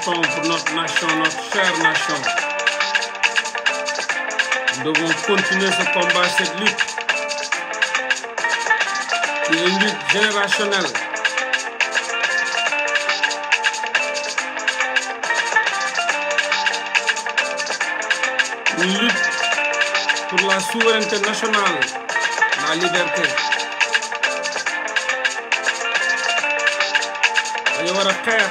combattons pour notre nation, notre chère nation. Nous devons continuer ce combat, cette lutte. C'est une lutte générationnelle. Une lutte pour la souveraineté nationale, la liberté. dañu war a xeex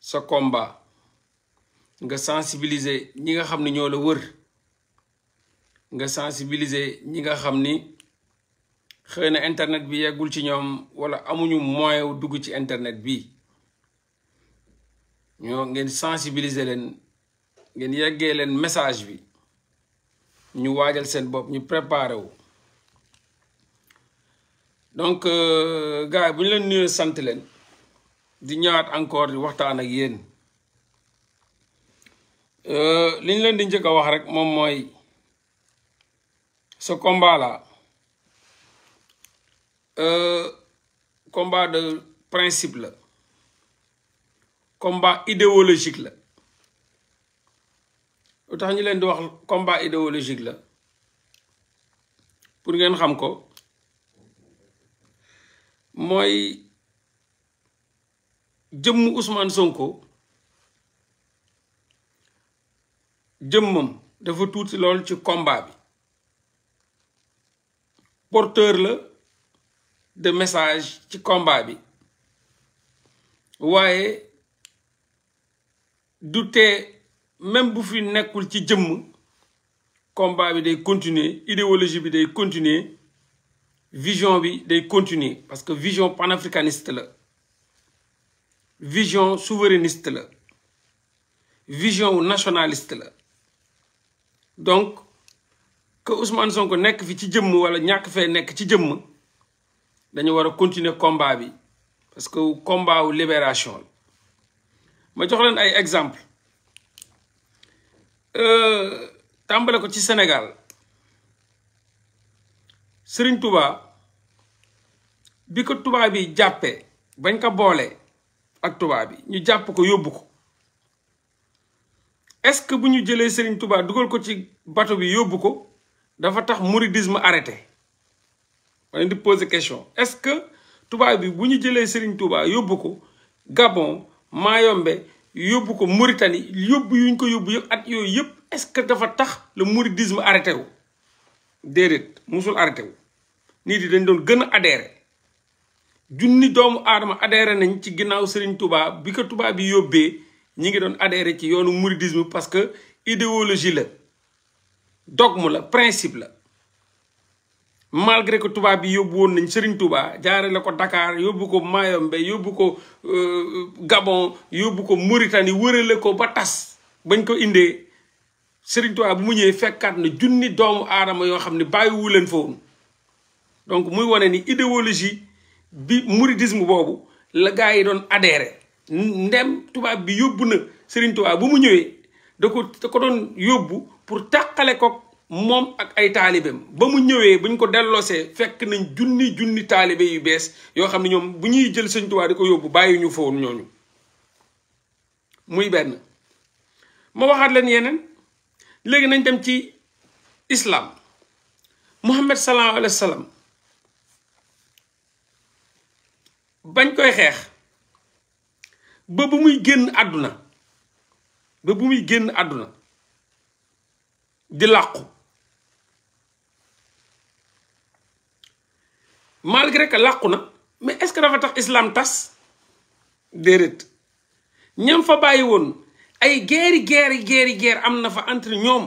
sa nga sensibiliser ñi nga xam ni ñoo la wër nga sensibiliser ñi nga xam ni xëy na internet bi yeggul ci ñoom wala amuñu moyen wu dugg ci internet bi ñoo ngeen sensibiliser leen ngeen yeggee leen message bi ñu waajal seen bopp ñu préparé wu donc euh, gars yi bu ñu leen nuyoo sant leen di ñëwaat encore di waxtaan ak yéen euh, li ñu leen di njëkk a wax rek moom mooy ce combat là euh, combat de principe la combat idéologique la lu tax ñu leen di wax combat idéologique la pour ngeen xam ko mooy jëmm Ousmane Sonko jëmmam dafa tout lool ci combat bi porteur le de message ci combat bi waye douté même bu fi nekul ci jëmm combat bi day continuer idéologie bi day continuer vision bi day continuer parce que vision panafricaniste là vision souverainiste la vision nationaliste la donc que Ousmane Sonko nekk fi ci jëmm wala ñàkk fee nekk ci jëmm dañu war a continuer combat bi parce que combat wu libération ma jox leen ay exemple euh, tàmbale ko ci Sénégal Serigne Touba bi ko tubaa bi jàppee bañ ko boole ak tubaab bi ñu jàpp ko yóbbu ko est-ce que bu ñu jëlee Serigne Touba dugal ko ci bato bi yóbbu ko dafa tax mouridisme arrêté ma leen di poser question est-ce que tubaab bi bu ñu jëlee Serigne Touba yóbbu ko Gabon Mayombe yóbbu ko Mauritanie yóbbu yuñ ko yóbbu yëpp at yooyu yëpp est-ce que dafa tax le mouridisme arrêté wu déedéet musul arrêté wu nit yi dañ doon gën a adhéré junni doomu aadama adhéré nañ ci ginnaaw Serigne Touba bi ko Touba bi yóbbee ñu ngi doon adhéré ci yoonu mouridisme parce que idéologie la dogme la principe la malgré ko tubaab bi yóbbu woon nañ Serigne Touba jaare la ko dakaar yóbbu ko Mayombe yóbbu ko euh, Gabon yóbbu ko Mauritanie wërale ko ba tas bañ ko indee Serigne Touba bu mu ñëwee fekkaat na junni doomu aadama yoo xam ne bàyyiwu leen fa donc muy wane ni idéologie bi mouridisme boobu la gaa yi doon adhéré ndem tubaab bi yóbbu na Serigne Touba bu mu ñëwee da ko da ko doon yóbbu pour tàqale ko moom ak ay taalibeem ba mu ñëwee buñ ko delloosee fekk nañ junni junni taalibe yu bees yoo xam ne ñoom bu ñuy jël Serigne Touba di ko yóbbu bàyyi ñu foofu ñooñu muy benn ma waxaat leen yeneen léegi nañ dem ci islaam Muhammad sallallahu alayhi wa bañ koy xeex ba bu muy génn àdduna ba bu muy génn àdduna di làqu malgré que làqu na mais est-ce dafa tax islam tas déedéet ñam fa bàyyi woon ay guerri guerri guerri guerre am na fa entre ñoom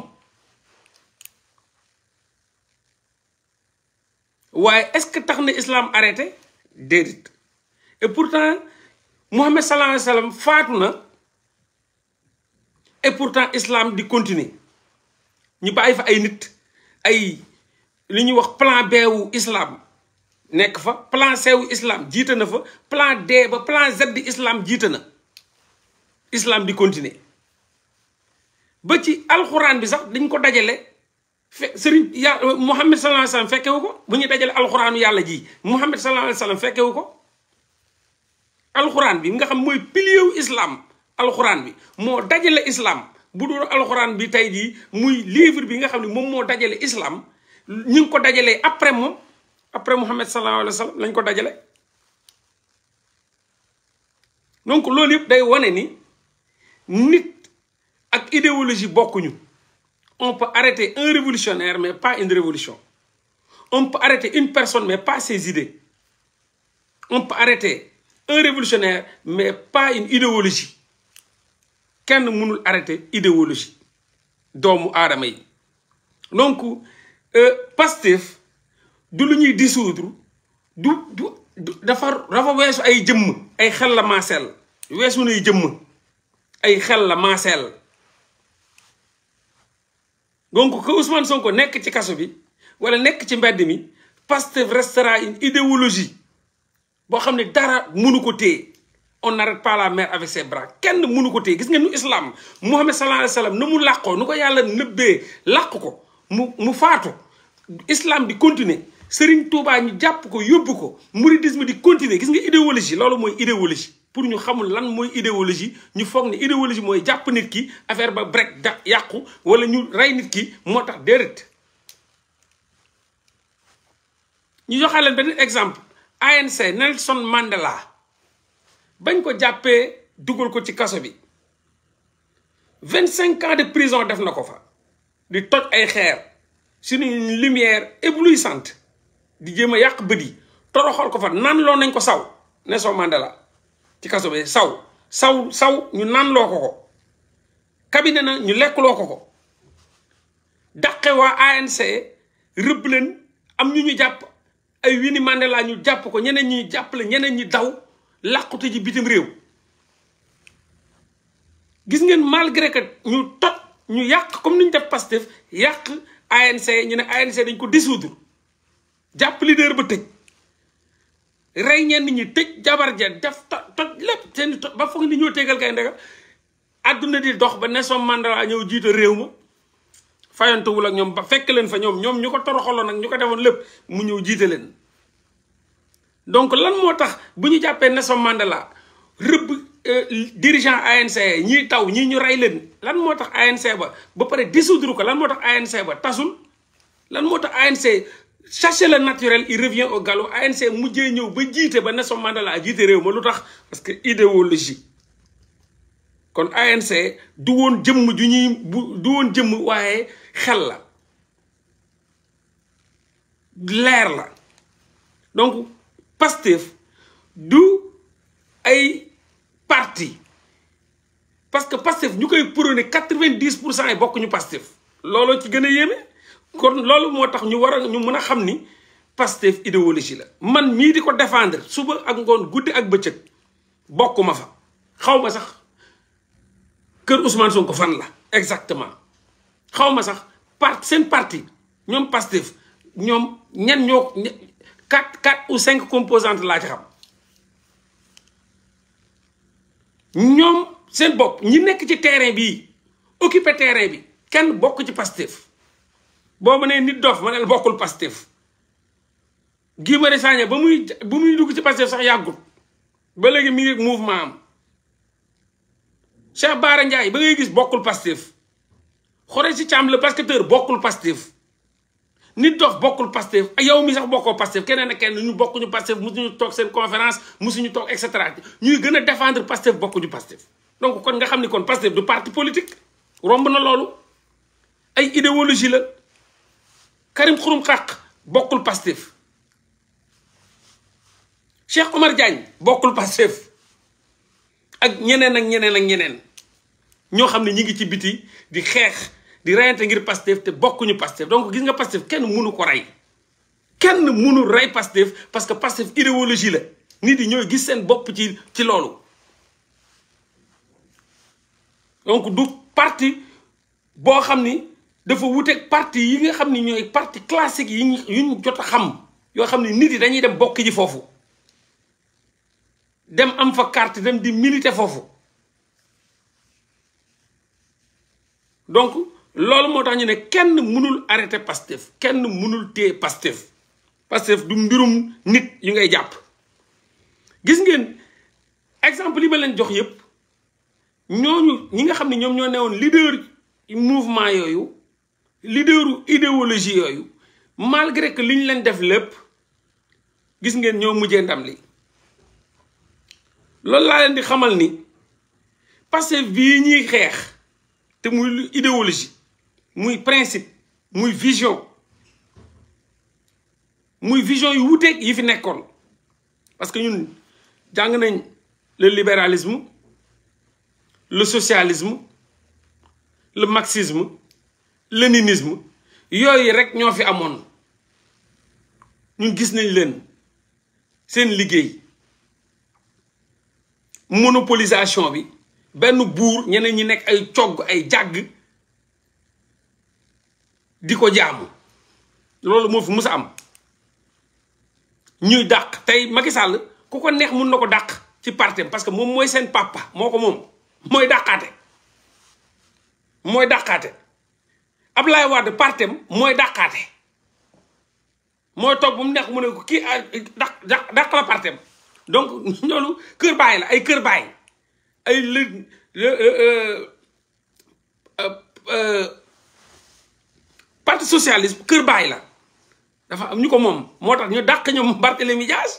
waaye est-ce que tax na islam arrêté déedéet et pourtant Mouhamed sallallahu alayhi wa sallam faatu et pourtant islam di continuer ñu bàyyi fa ay nit ay li wax plan B wu islam nekk fa plan C wu islam jiite na fa plan D ba plan Z di islam jiite na islam di continuer ba ci alxuraan bi sax dañ ko dajale. fe sëriñ ya Mouhamed sallallahu alayhi wa sallam fekkewu ko bu ñuy dajale alxuraanu yàlla ji Mouhamed sallallahu alayhi wa sallam fekkewu ko. Quran, bi nga xam moy pilier wu islam Quran, bi mo dajale islam budu doon alxuraan bi tay di muy livre bi nga xam ni mom mo dajale islam ñu ko dajale après mom après Muhammad sallallahu alayhi wa sallam lañ ko dajale. donc loolu yëpp day wane ni nit ak idéologie bokkuñu on peut arrêter un révolutionnaire mais pas une révolution on peut arrêter une personne mais pas ses idées on peut arrêter un révolutionnaire mais pas une idéologie Quand mënul arrêter idéologie doomu aadama donc euh, Pastef du lu dissoudre du du ay ay xel la maaseel ay xel la donc que Ousmane Sonko nekk ci bi wala que ci Pastef restera une idéologie boo xam ne dara mënu ko téye on n'arrête pas la mer avec ses bras kenn mënu ko téye gis nga nu islam Muhammad sallallahu alayhi wa sallam nu mu làqoo nu ko yàlla nëbbee làq ko mu mu faatu islam di continuer Serigne Touba ñu jàpp ko yóbbu ko mu mouridisme di continuer gis nga idéologie loolu mooy idéologie pour ñu xamul lan mooy idéologie ñu foog ne idéologie mooy jàpp nit ki affaire ba brek da yàqu wala ñu rey nit ki moo tax déedéet ñu joxaleen benn exemple ANC Nelson Mandela bañ ko jàppee dugal ko ci kaso bi vingt cinq ans de prison def na ko fa di toj ay xeer suñu lumière éblouissante di jéem a yàq bët yi toroxal ko fa naan loo nañ ko saw Nelson Mandela ci kaso bi saw saw saw ñu naan loo ko ko kabine na ñu lekk loo ko ko dàqe waa ANC rëbb leen am ñu ñu jàpp ay wini Mandela ñu japp ko ñeneen ñi la ñeneen ñi daw laqutu ji bitim rew gis ngeen malgré que ñu tot ñu yàq comme niñ def Pastef yàq ANC ñu ne ANC dañ ko dissoudre japp leader ba tej ray ñenn ñi tej jabar ja def tot lepp seen ba foog ni ñu tegal kay ndega aduna di dox ba Nelson Mandela ñëw jiite réew ma fayantewul ak ñoom ba fekk leen fa ñoom ñoom ñu ko toroxaloon ak ñu ko defoon lépp mu ñëw jiite leen donc lan moo tax bu ñu jàppee Nelson Mandela rëbb euh, dirigeant ANC ñii taw ñii ñu rey leen lan moo tax ANC ba ba pare dissoudre ko lan moo tax ANC ba tasul lan moo tax ANC chercher le naturel il revient au galop ANC mujjee ñëw ba jiite ba Nelson a jiite réew ma lu tax parce que idéologie kon ANC du woon jëmm ju ñuy bu du woon jëmm waaye xel la leer la donc Pastef du ay parti parce que Pastef ñu koy prôné quatre-vingt-dix pour cent yi Pastef looloo ci gëna yéme kon loolu motax ñu wara ñu mëna xamni Pastef idéologie la man mi diko défendre suba ak ngoon goudi ak bokku ma fa xawma sax keur Ousmane Sonko fan la exactement xaw ma sax part seen parti ñoom Pastef ñoom ñen ñoo quatre quatre ou cinq composantes laa ci xam ñoom seen bopp ñi nekk ci terrain bii occupé terrain bi kenn bokk ci Pastef boobu ne nit dof ma ne bokkul Pastef Guy Marius Sagna ba muy ba muy dugg ci Pastef sax yàggul ba léegi mi ngi mouvement am Cheikh Bara Ndiaye ba ngay gis bokkul Pastef xore si caam le basketteur bokkul Pastef nit dof bokkul Pastef ak yow mi sax bokkoo Pastef keneen ak kenn ñu bokkuñu Pastef musuñu toog seen conférence musuñu toog et cetera ñuy gën a défendre Pastef bokkuñu Pastef donc kon nga xam ni kon Pastef du parti politique romb na loolu ay idéologie la Karim Xurum Xaq bokkul Pastef Cheikh Omar Diagne bokkul Pastef ak ñeneen ak ñeneen ak ñeneen ñoo xam ne ñi ngi ci biti di xeex di reyante ngir Pastef te bokkuñu Pastef donc gis nga Pastef kenn mënu ko rey kenn mënu rey Pastef parce que Pastef idéologie la nit yi ñooy gis seen bopp ci ci loolu donc du parti boo xam ni dafa wuteeg parti yi nga xam ni ñooy parti classique yi ñu yu ñu jot a xam yoo xam ni nit yi dañuy dem bokk ji foofu dem am fa carte dem di militer foofu donc Lol moo tax ñu ne kenn mënul arrêter pastef kenn mënul té pastef pastef du mbirum nit yu ngay japp gis ngeen exemple yi ma leen jox yépp ñooñu ñi nga xamni ñom ñoo néwon leader mouvement yooyu leaderu idéologie yoyu malgré que liñ leen def lépp gis ngeen ñoo mujjé ndam li la leen di xamal ni Pastef bi ñi xex té muy idéologie muy principe muy vision muy vision yu wuteeg yi fi nekkoon parce que ñun jàng nañ le libéralisme le socialisme le marxisme léninisme yooyu rek ñoo fi amoon ñun gis nañ leen seen liggéey monopolisation bi benn buur ñeneen ñi nekk ay cogg ay jàgg di ko jaamu loolu moo fi mus a am ñuy dàq tey Macky Sall ku ko neex mun na ko dàq ci partem parce que moom mooy seen papa moo ko moom mooy dàqaate mooy dàqaate Ablaye Wade partem mooy dàqaate mooy toog bu mu neex mu ne kii ah, dàq dàq la partem donc loolu kër baay la ay kër baay ay lë parti socialiste kër baay la dafa am ñu ko moom moo tax ñu dàq ñoom Barthélemy Dias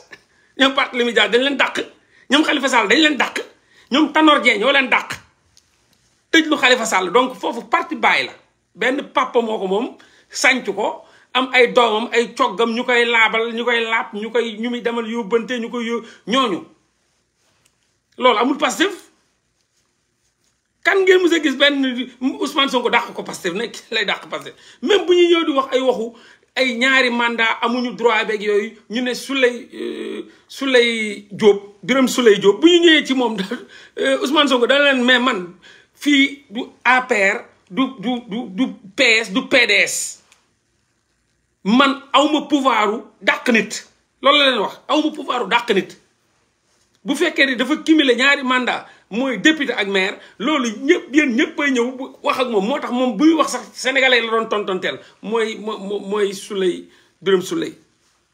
ñoom Barthélemy Dias dañ leen dàq ñoom xalifa Sall dañ leen dàq ñoom Tanor Dieng ñoo leen dàq tëj lu xalifa Sall donc foofu parti bàyyi la benn papa moo ko moom sànc ko am ay doomam ay coggam ñu koy laabal ñu koy laab ñu koy ñu muy demal yóbbante ñu koy yó ñooñu loolu amul Pastef kan ngeen mës a gis benn Ousmane Sonko dàq ko Pastef nekk lay dàq Pastef même bu ñu ñëw di wax ay waxu ay ñaari mandat amuñu droit beeg yooyu ñu ne Souley euh, Souley Diop Birame Souley Diop bu ñu ñëwee ci moom euh, Ousmane Sonko dana leen mais man fii du APR du du du du PS du PDS man awma pouvoiru dàq nit loolu la leen wax awma pouvoiru dàq nit bu fekkee ni dafa cumulé ñaari mandat mooy député ak maire loolu ñëpp yéen ñëppay ñëw wax ak moom moo tax moom buy wax sax sénégalais la doon tontonteel mooy moo mooy Souley Birame Souley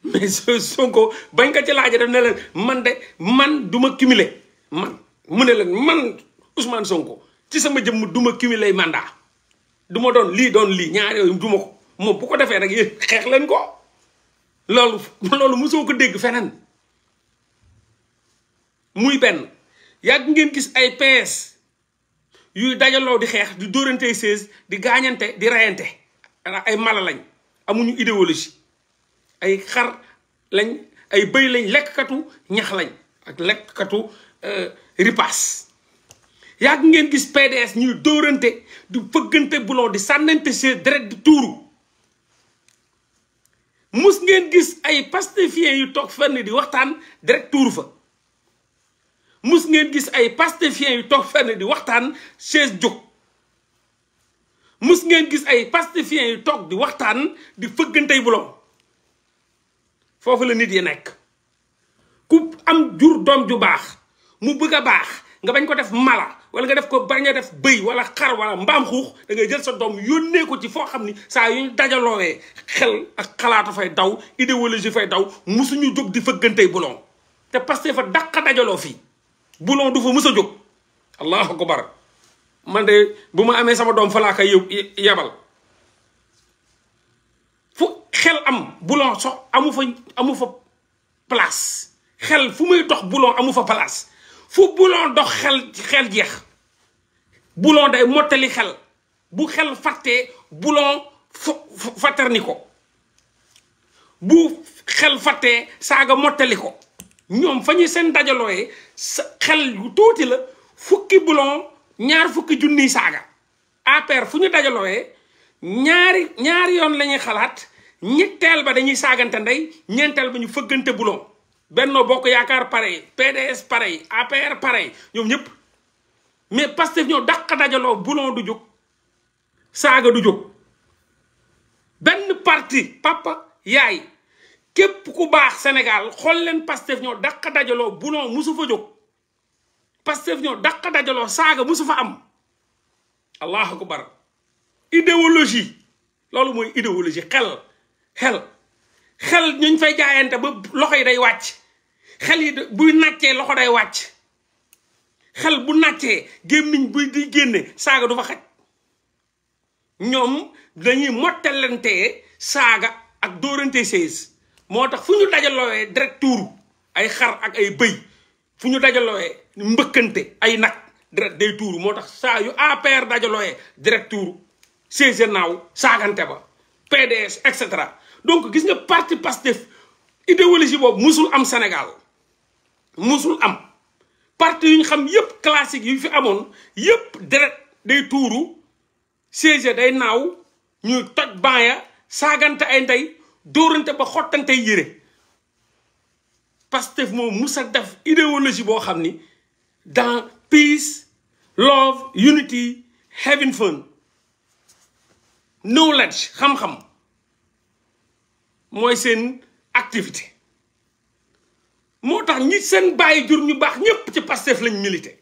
mais Sonko bañ ko ci laajee def ne leen man de man du ma cumuler man mu ne leen man Ousmane Sonko ci sama jëmm du ma cumuler mandat du ma doon lii doon lii ñaar yooyu du ma ko moom bu ko defee rek yéen xeex leen ko loolu loolu mosoo ko dégg feneen muy benn yag ngeen gis ay PS yu dajalo di xex di doranté sées di gañanté di rayante ay mala lañ amuñu idéologie ay xar lañ ay bëy lañ katu ñax lañ ak katu euh, ripass yag ngeen gis PDS ñu doranté du fëggante bulo di sànnante sées dret du tour mus ngeen gis ay pastifier yu tok fenn di waxtan dret tour fa mus ngeen gis ay pastefiens yu toog fenn di waxtaan chaise jóg mus ngeen gis ay pastefiens yu toog di waxtaan di fëggantey bulon foofu la nit yi nekk ku am jur doom ju baax mu bëgg a baax nga bañ ko def mala wala nga def ko bañ a def bëy wala xar wala mbaam xuux da ngay jël sa doom yónnee ko ci foo xam ni saa yu ñu dajaloowee xel ak xalaatu fay daw idéologie fay daw musuñu jóg di fëggantey bulon te Pastef fa dàq dajaloo fii boulon du fa mës a jóg allahu akbar man de bu ma amee sama doom falaa ka yow yebal fu xel am boulon sox amu fa amu fa place xel fu muy dox boulon amu fa palaas fu boulon dox xel xel jeex boulon day mottali xel bu xel fatte boulon fàttarni ko bu xel fàttee saaga mottali ko ñoom fa ñuy seen dajalooyee sa xel yu tuuti la fukki bulon ñaar fukki junniy saaga APR fu ñu dajalooyee ñaari ñaari yoon la ñuy xalaat ñetteel ba dañuy saagante ndey ñeenteel ba ñu fëggante bulon Benno Bokk Yaakaar pare PDS pare APR pare ñoom ñëpp mais Pastef ñoo daq dajaloo bulon du jóg saaga du jóg benn parti papa yaay képp ku baax Sénégal xool leen Pastef ñoo daq dàq dajaloo bunoo musu fa jóg Pastef ñoo dàq dajaloo saaga musu fa am allahu akbar idéologie loolu mooy idéologie xel xel xel ñu fay jaayante ba loxo yi day wàcc xel yi buy nàccee loxo day wàcc xel bu nàccee gémmiñ buy di génne saaga du fa xaj ñoom dañuy mottalantee saaga ak dóorante sées motax fuñu fu ñu direct tour ay xar ak ay beuy fuñu ñu dajalooyee ay nak direct day tuuru moo tax yu APR dajalooyee direct tour ba PDS etc. donc gis nga parti Pastef idéologie bob musul am Sénégal musul am parti yu xam yépp classique yu fi amone yépp direct day tuuru CG day naw ñu toj baaya ay nday dóorante ba xottante yére Pastef moom musa def idéologie boo xam ni dans peace love unity having fun knowledge xam-xam mooy seen activité moo tax ñi seen bàyyi jur ñu baax ñëpp ci Pastef lañ milité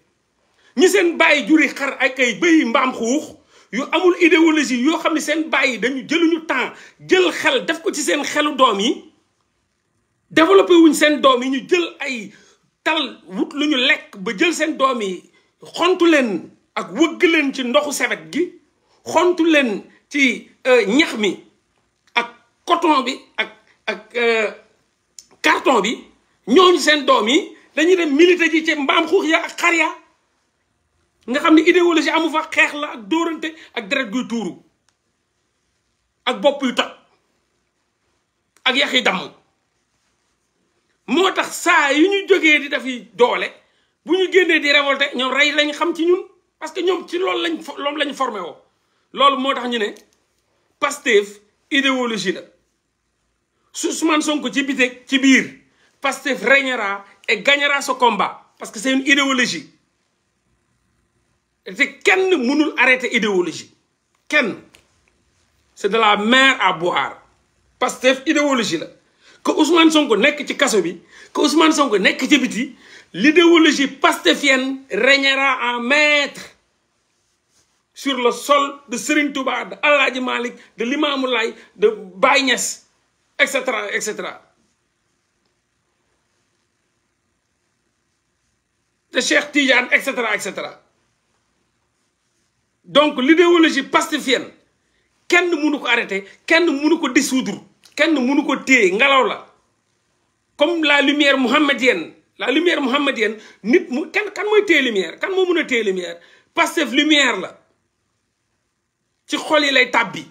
ñi seen bàyyi juri xar ay kay bëy mbaam xuux yu amul idéologie yoo xam ne seen bàyyi dañu jëluñu temps jël xel def ko ci seen xelu doom yi développé wuñ seen doom yi ñu jël ay tal wut lu ñu lekk ba jël seen doom yi xontu leen ak wëgg leen ci ndoxu sebet gi xontu leen ci euh, ñax mi ak coton bi ak ak euh, carton bi ñooñu seen doom yi dañuy dem milité ji ci mbaam xuux ya ak xar ya nga xamni idéologie amu fa xeex la ak doranté ak deret guy touru ak bopp yu toj ak yax dam motax sa tax saa yu ñu jógee di dafi doolé bu ñu génnee di révolté ñom ray lañ xam ci ñun parce que ñom ci lool lañ lool lañ formé wo lool motax ñu né Pastef idéologie la Sousmane Sonko ci bite ci bir Pastef régnera et gagnera ce combat parce que c'est une idéologie c'est ne mënul arrêter idéologie ken c'est de la mer à boire que idéologie l'idéologie. que Ousmane Sonko nekk ci kaso bi que Ousmane Sonko nekk ci biti l'idéologie pastefienne régnera en maître sur le sol de Serigne Touba de al Malik, de Limamou Laye de Baye etc., etc. de Cheikh Tijan, etc., etc donc l'idéologie pastifienne kenn ne ko arrêter kenn ne ko dissoudre kenn ne ko tirer, ngelaw la comme la lumière mohammedienne, la lumière mohammedienne, nit mu kenn kan lumière kan moo mën a téye lumière Pastef lumière la ci xol yi lay de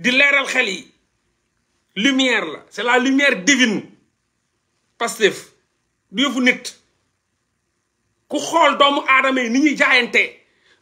di leeral xel lumière la c'est la lumière divine Pastef du yëfu nit ku xool doomu aadama ni ñuy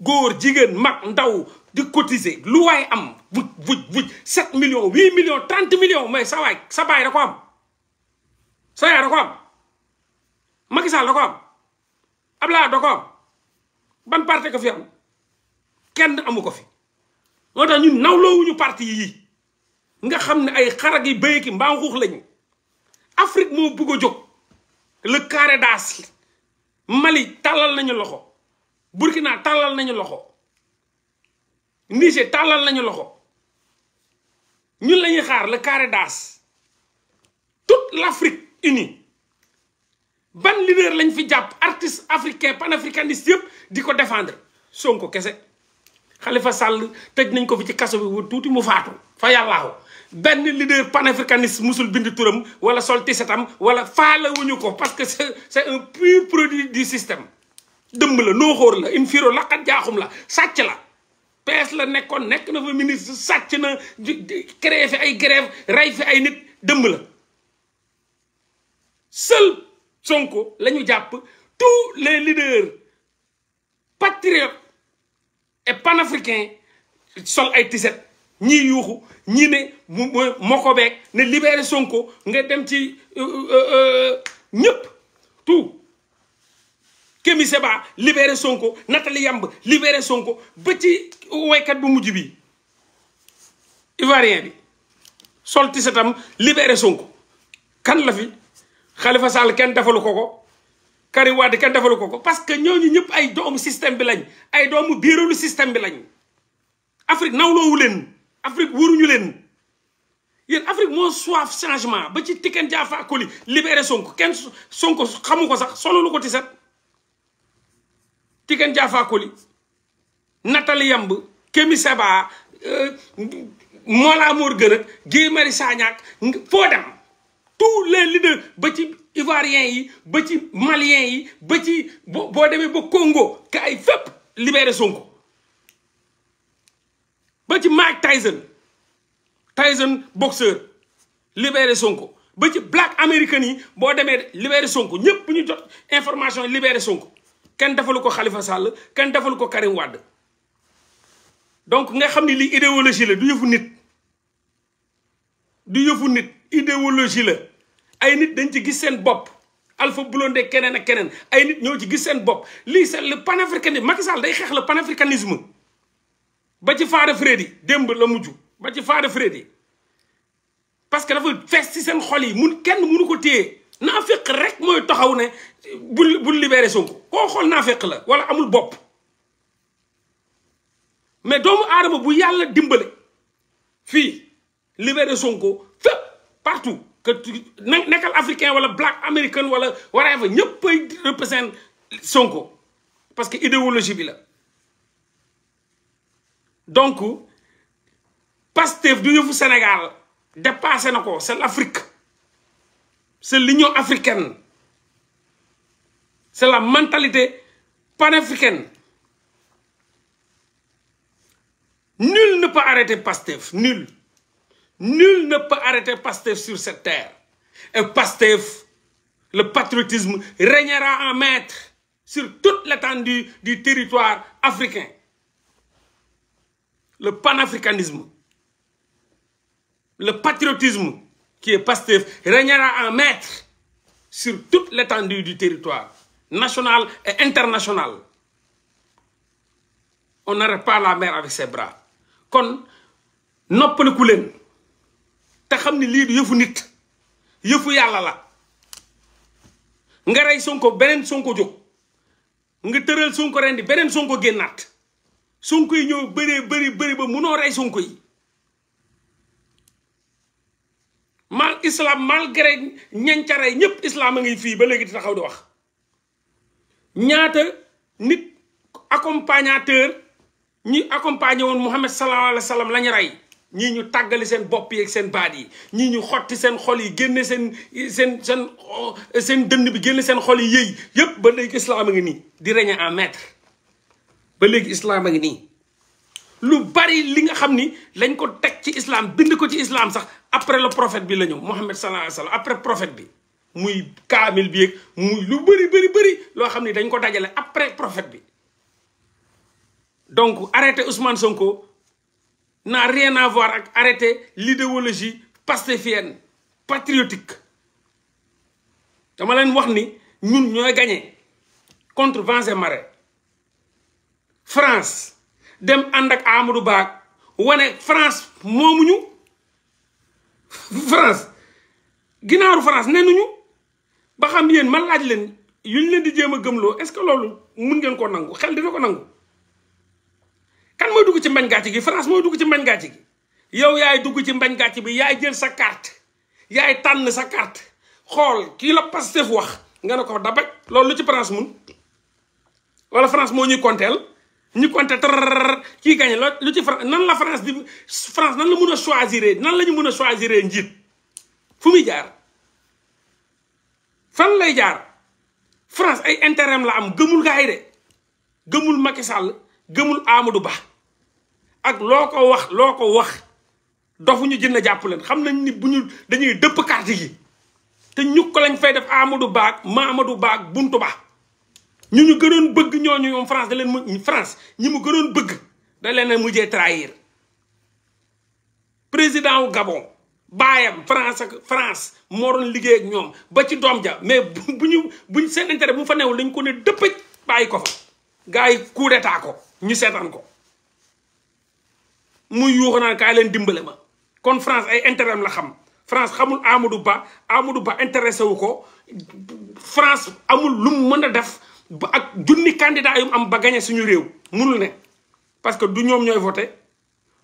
góor jigéen mag ndaw di cotiser lu waay am wuj wuj wuj sept millions huit millions trente millions mais sa waay sa baay da ko am sa yaay da ban parti ko fi am kenn amu ko fi moo ñu ñun nawloowuñu partie yii nga xam ne ay xarag yi béy ki lañu Afrique moo bugg a jóg le carré d'as Mali tàllal nañu loxo Burkina tàllal nañu loxo Niger tàllal nañu loxo ñun lañuy xaar le carré d'as toute l'Afrique unie ban leader lañ fi jàpp artiste africain panafricaniste yëpp di ko défendre Sonko kese Khalifa sàll tëj nañ ko fi ci kaso bi wu tuuti mu faatu fa yàllaahu benn lider panafricaniste musul bind turam wala sol tisetam wala faale ko parce que c'est un pur produit du système dëmb la nooxóor la infiro laqat jaaxum la sàcc la pees la nekkoon nekk na fa ministre sàcc na créé fi ay grève rey fi ay nit dëmb la sël Sonko lañu jàpp tous les leaders patriotes et panafricains sol ay tiset ñii yuuxu ñii ne moo ko ne libere Sonko nga dem ci euh, euh, euh, ñëpp tout Kémi Seba libéré Sonko Nathalie Yamb libéré Sonko ba ci woykat bu mujj bi ivoirien bi sol tisetam libéré Sonko kan lafi fi Khalifa Sall kenn defalu ko ko Karim Wade kenn defalu ko ko parce que ñooñu ñëpp ay doomu système bi lañ ay doomu biiralu système bi lañ Afrique nawloowu leen Afrique wuruñu leen yéen Afrique moo soif changement ba ci Tiken Jah Fakoly libéré Sonko kenn Sonko xamu ko sax sololu ko tiset Tiken Jah Fakoly Nathalie Yamb Kémi Seba euh, Mollah Morgun ak Guy Marius Sagna foo dem tous les leaders ba ci ivoiriens yi ba ci maliens yi ba ci boo demee ba Congo ka ay fépp libéré Sonko ba ci Mike Tyson Tyson boxeur libéré Sonko ba ci black américain yi boo demee libéré Sonko ñëpp ñu jot information libéré Sonko kenn defaluko Khalifa Sall Karim wad donc nga xamni une idéologie la du nit du nit idéologie la ay nit dañ ci Alpha Blondy Kenen ak Kenen, ay nit ñoo ci gis sen bop li c'est le panafricanisme Macky day le panafricanisme ba ci Faara Freddy demb la ba ci Freddy parce que dafa fess ci xol yi naa rek moy taxaw ne bu bul libéré Sonko ko xol naa la wala amul bop mais doomu adama bu yalla dimbalé fi libéré Sonko fépp partout que nekkal africain wala black américain wala whatever ñeppay ay Sonko parce que idéologie bi la donc Pastef du yëfu Sénégal dépassé nako c'est l'Afrique c'est l'Union africaine. C'est la mentalité panafricaine. Nul ne peut arrêter Pastef, nul. Nul ne peut arrêter Pastef sur cette terre. Et Pastef, le patriotisme, régnera en maître sur toute l'étendue du territoire africain. Le panafricanisme, le patriotisme, qui est Pasteur, régnera en maître sur toute l'étendue du territoire, national et international. On n'arrête pas la mer avec ses bras. kon noppaliku nous te xam ni lii du yëfu nit yëfu yàlla la nga rey Sonko sunko Sonko jóg nga tëral Sonko rendi beneen Sonko génnaat Sonko Nous ba Sonko mal islam malgré ñancare ñëpp islam a ngi fii ba léegi di taxaw di wax ñaata nit accompagnateur ñi accompagner woon Muhammad sallallahu alayhi wa sallam la ñu rey ñii ñu tàggali seen bopp yi ak seen baat yi ñii ñu xotti seen xol yi génne seen seen seen seen dënd bi génne seen xol yi yëy yëpp ba léegi islam a ngi nii di régner en maître ba léegi islaam a ngi nii. lu bari li nga xamni ni lañ ko tek ci islam bind ko ci islam sax après le prophète bi la Mohammed sallallahu alayhi Wasallam. après prophète bi muy kamil bi ak muy lu bari bari bari lo xamni dañ ko dajale après prophète bi donc arrêté Ousmane Sonko n'a rien à voir ak arrêté l'idéologie pacifienne patriotique dama len wax ni ñun ñoy gagner contre vents et marées France dem anak ak Amadou bak wane France momuñu France ginaaru France nenuñu ba xam yeen man laaj len yuñ len di jema a est-ce que lolu mun ngeen ko nangu xel di ko nangu. kan moy dugg ci mbagn gàcce gi France moy dugg ci mbagn gàcce gi yow yaay dugg ci mbagn gàcce bi yaay jël sa carte yaay tan sa carte xol ki la passef wax nga dabaj lolu ci France mun wala France mo ñuy ñu compté tar kii gagné lu ci France nan la France di France nan la mun a choisir nan la ñu mun a choisir njiit fu muy jaar fan lay jaar France ay intérêt am la am gëmul gars yi de gëmul Macky Sall gëmul Amadou Ba ak loo ko wax loo ko wax dofu ñu jënd jàpp leen xam nañ ni bu ñu dañuy dëpp carte yi te ñu ko lañ fay def Amadou Ba Mamadou Ba Buntu Ba. ñu ñu gënoon bëgg ñooñu ñoom France da leen mu France ñi mu gënoon bëgg da leen a mujjee trahir président wu Gabon baayam France ak France moo doon liggéey ak ñoom ba ci doom ja mais bu ñu bu seen bu fa newul dañ ko ne dëppëj bàyyi ko gars yi coup d'état ko ñu seetaan ko muy yuuxu naan kaay leen dimbale ma kon France ay intérêt la xam France xamul Amadou Ba Amadou Ba intéressé wu ko France amul lu mu mën a def ba ak junni candidat yu am ba gañe suñu réew mënul ne parce que du ñoom ñooy voté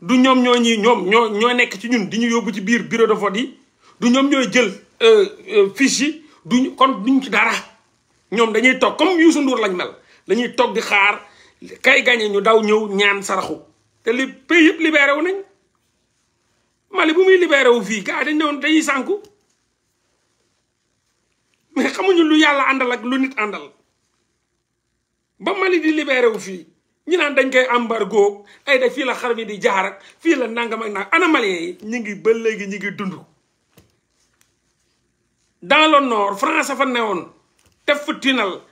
du ñoom ñoo ñi ñoom ñoo nekk ci ñun di ñu yóbbu ci biir bureau de vote yi du ñoom ñooy jël euh, euh, fiche yi duñ kon duñ ci dara ñoom dañuy toog comme Youssou Ndour lañ mel dañuy toog di xaar kay gañe ñu daw ñëw ñaan saraxu te li pays yëpp libéré nañ Mali bu muy libéré wu fii gars dañ ñëwoon dañuy sànku mais xamuñu lu yàlla àndal ak lu nit àndal ba Mali di libéré wu fii ñi naan dañ koy embargo ay da fii la xar mi di jaar fii la nangam ak naan ana Malien yi ñu ngi ba léegi ñu ngi dund. dans le nord France fa newoon def fa tinal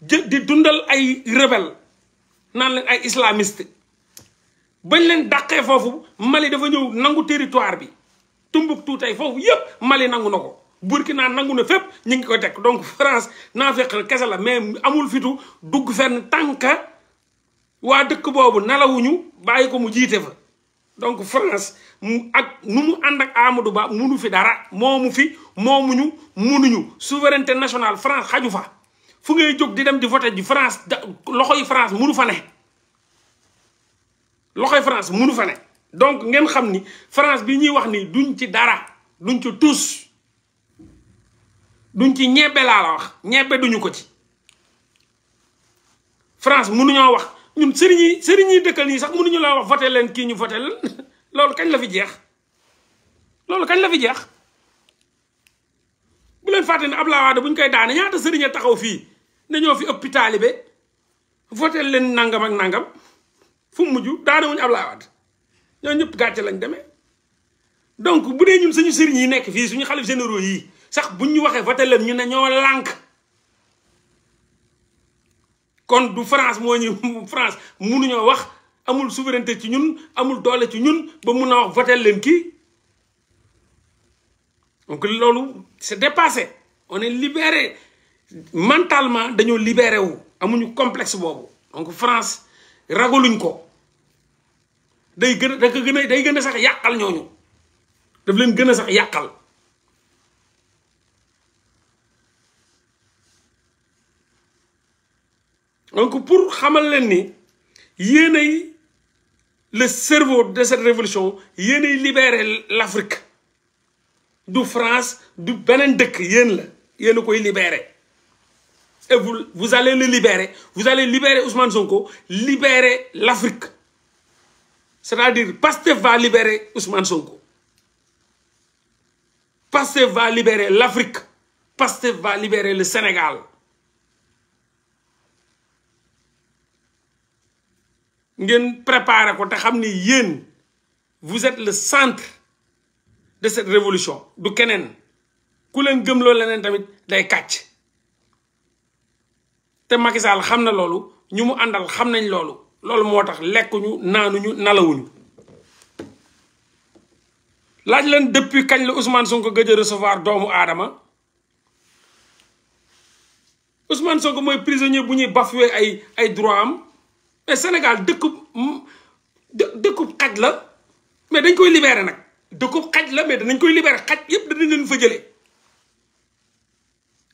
di dundal ay rebelle naan leen ay islamist bañ leen dàqee foofu Mali dafa ñëw nangu territoire bi Tombouctou tey foofu yëpp Mali nangu na ko. Burkina nangu na fépp ñu ngi ko teg donc France naa fekk kese la mais amul fitu dugg fenn tànk waa dëkk boobu nelawuñu bàyyi ko mu jiite fa. donc France mu ak nu mu ànd ak Amadou Ba munu fi dara moomu fi moomuñu munuñu souveraineté national France xaju fa fu ngay jóg di dem di voté ji France loxoy France munu fa loxoy France munu fa ne donc ngeen xam ni France bi ñuy wax ni duñ ci dara duñ ci tous. duñ ci ñebe laa la wax ñebe duñu ko ci France mënuñoo wax ñun sëriñ yi sëriñ yi dëkkal nii sax mënuñu laa wax voté leen kii ñu voté leen loolu kañ la fi jeex loolu kañ la fi jeex bu leen fàtte ne Abdoulaye Wade bu ñu koy daane ñaata sëriñ a taxaw fii dañoo fi ëpp taalibe voté leen nangam ak nangam fu mu mujj daane wuñu Abdoulaye Wade ñoo ñëpp gàcce lañ deme donc bu dee ñun suñu sëriñ yi nekk fii suñu xalif généraux yi sax buñu waxé voté leen ñu né ñoo lank kon du France mo ñu France ñoo wax amul souveraineté ci ñun amul doole ci ñun ba mëna wax voté leen ki donc lolu c'est dépassé on est libéré mentalement dañoo libéré wu amuñu complexe bobu donc France ragoluñ ko day gëna a da day gëna sax yakal. ñoñu daf leen gëna sax yakal donc pour xamal len ni le cerveau de cette révolution yene libérer l'Afrique du France du bénin, il yene la libérer et vous allez le libérer vous allez libérer Ousmane Sonko libérer l'Afrique c'est-à-dire Pasteur va libérer Ousmane Sonko Pasteur va libérer l'Afrique Pasteur va libérer le Sénégal ngeen préparer ko te xam ni yéen vous êtes le centre de cette révolution du keneen ku leen gëm loolu leneen tamit day kàcc te Macky Sall xam na loolu ñu mu àndal xam nañ loolu loolu moo tax lekkuñu ñu nalawuñu laaj leen depuis kañ la Ousmane Sonko gëj recevoir doomu aadama Ousmane Sonko mooy prisonnier bu ñuy bafoué ay ay droit am mais Sénégal dëkkub dëkkub xaj la mais dañ koy libéré nag dëkkub xaj la mais danañ koy libéré xaj yëpp danañ leen fa jëlee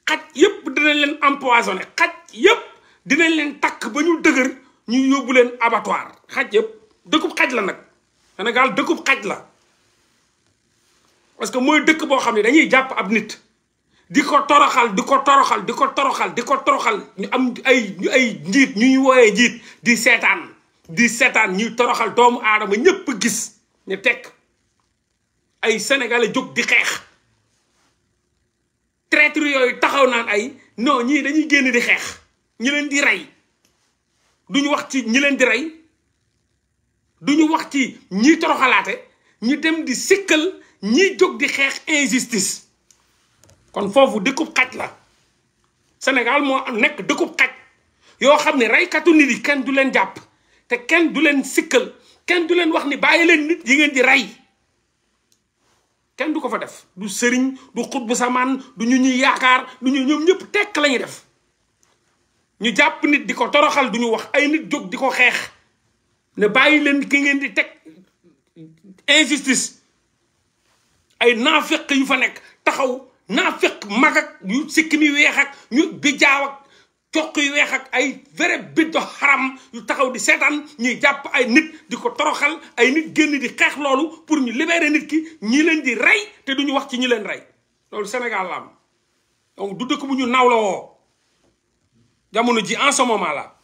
xaj yëpp danañ leen empoisonné xaj yëpp dinañ leen takk ba ñu dëgër ñu yóbbu leen abattoir xaj yëpp dëkkub xaj la nag Sénégal dëkkub xaj la parce que mooy dëkk boo xam ne dañuy jàpp ab nit di ko toroxal di ko toroxal di ko toroxal di ko toroxal ñu am ay ay njiit ñu ñu wooyee njiit di seetaan di seetaan ñuy toroxal doomu aadama ñépp gis ñu tek ay sénégalais jóg di xeex traître yooyu taxaw naan ay non ñii dañuy génne di xeex ñi leen di rey duñu wax ci ñi leen di rey duñu wax ci ñi toroxalaate ñu dem di sikkal ñi jóg di xeex injustice kon foofu dëkkub xaj la Sénégal moo nekk dëkkub xaj yoo xam ne reykatu nit yi kenn du leen jàpp te kenn du leen sikkal kenn du leen wax ni bàyyi leen nit yi ngeen di rey kenn du ko fa def du sëriñ du bu samaan du ñu ñuy yaakaar du ñu ñoom ñëpp tekk la def ñu jàpp nit di ko toroxal du ñu wax ay nit jóg di ko xeex ne bàyyi leen ki ngeen di teg injustice ay naafiq yu fa nekk taxaw nafik fekk mag ak ñu sikkim yu weex ak ñu bijaaw ak yu weex ak ay vrai biddo haram yu taxaw di seetaan ñi japp ay nit diko toroxal ay nit genn di xex lolu pour ñu libérer nit ki ñi leen di ray te duñu wax ci ñi leen ray lolu Sénégal la am donc du dëkk bu ñu naw la jamono ji en ce moment là